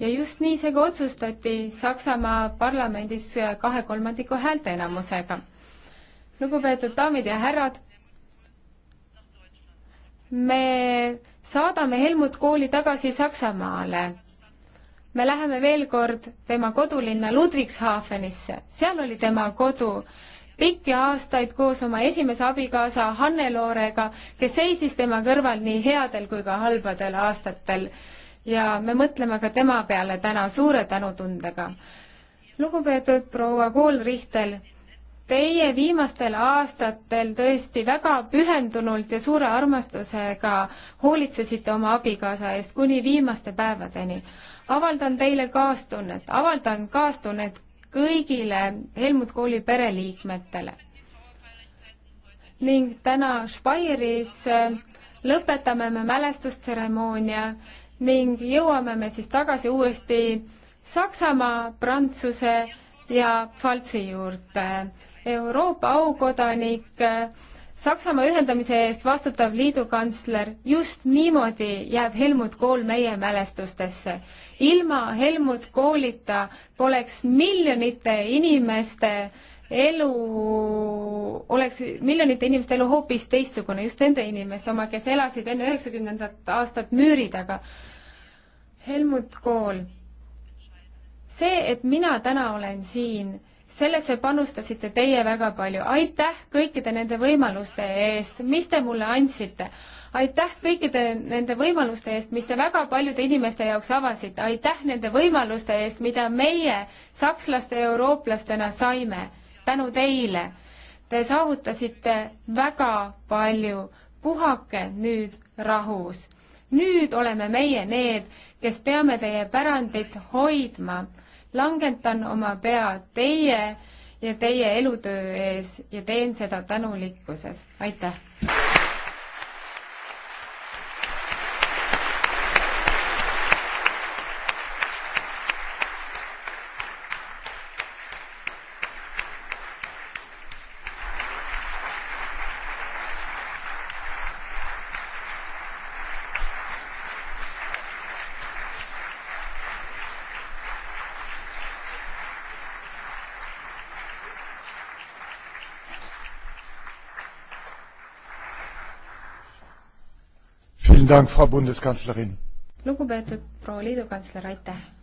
ja just nii see ka otsustati Saksamaa parlamendis kahe kolmandiku häälteenamusega lugupeetud daamid ja härrad, me saadame Helmut Kooli tagasi Saksamaale. me läheme veel kord tema kodulinna Ludwigshafenisse, seal oli tema kodu pikki aastaid koos oma esimese abikaasa Hanneloorega, kes seisis tema kõrval nii headel kui ka halbadel aastatel. ja me mõtleme ka tema peale täna suure tänutundega. lugupeetud proua Kool-Rihtel, teie viimastel aastatel tõesti väga pühendunult ja suure armastusega hoolitsesite oma abikaasa eest kuni viimaste päevadeni. avaldan teile kaastunnet, avaldan kaastunnet kõigile Helmut Kooli pereliikmetele. ning täna Spairis äh, lõpetame me mälestustseremoonia ning jõuame me siis tagasi uuesti Saksamaa, Prantsuse ja Pfaltsi juurde Euroopa aukodanik, Saksamaa ühendamise eest vastutav liidukantsler, just niimoodi jääb Helmut Kohl meie mälestustesse. ilma Helmut Koolita poleks miljonite inimeste elu, oleks miljonite inimeste elu hoopis teistsugune, just nende inimeste oma, kes elasid enne üheksakümnendat aastat müüri taga. Helmut Kool, see, et mina täna olen siin sellesse panustasite teie väga palju. aitäh kõikide nende võimaluste eest, mis te mulle andsite. aitäh kõikide nende võimaluste eest, mis te väga paljude inimeste jaoks avasite. aitäh nende võimaluste eest, mida meie sakslaste ja eurooplastena saime tänu teile. Te saavutasite väga palju. puhake nüüd rahus. nüüd oleme meie need, kes peame teie pärandit hoidma langetan oma pea teie ja teie elutöö ees ja teen seda tänulikkuses. aitäh! lugupeetud proua liidukantsler, aitäh!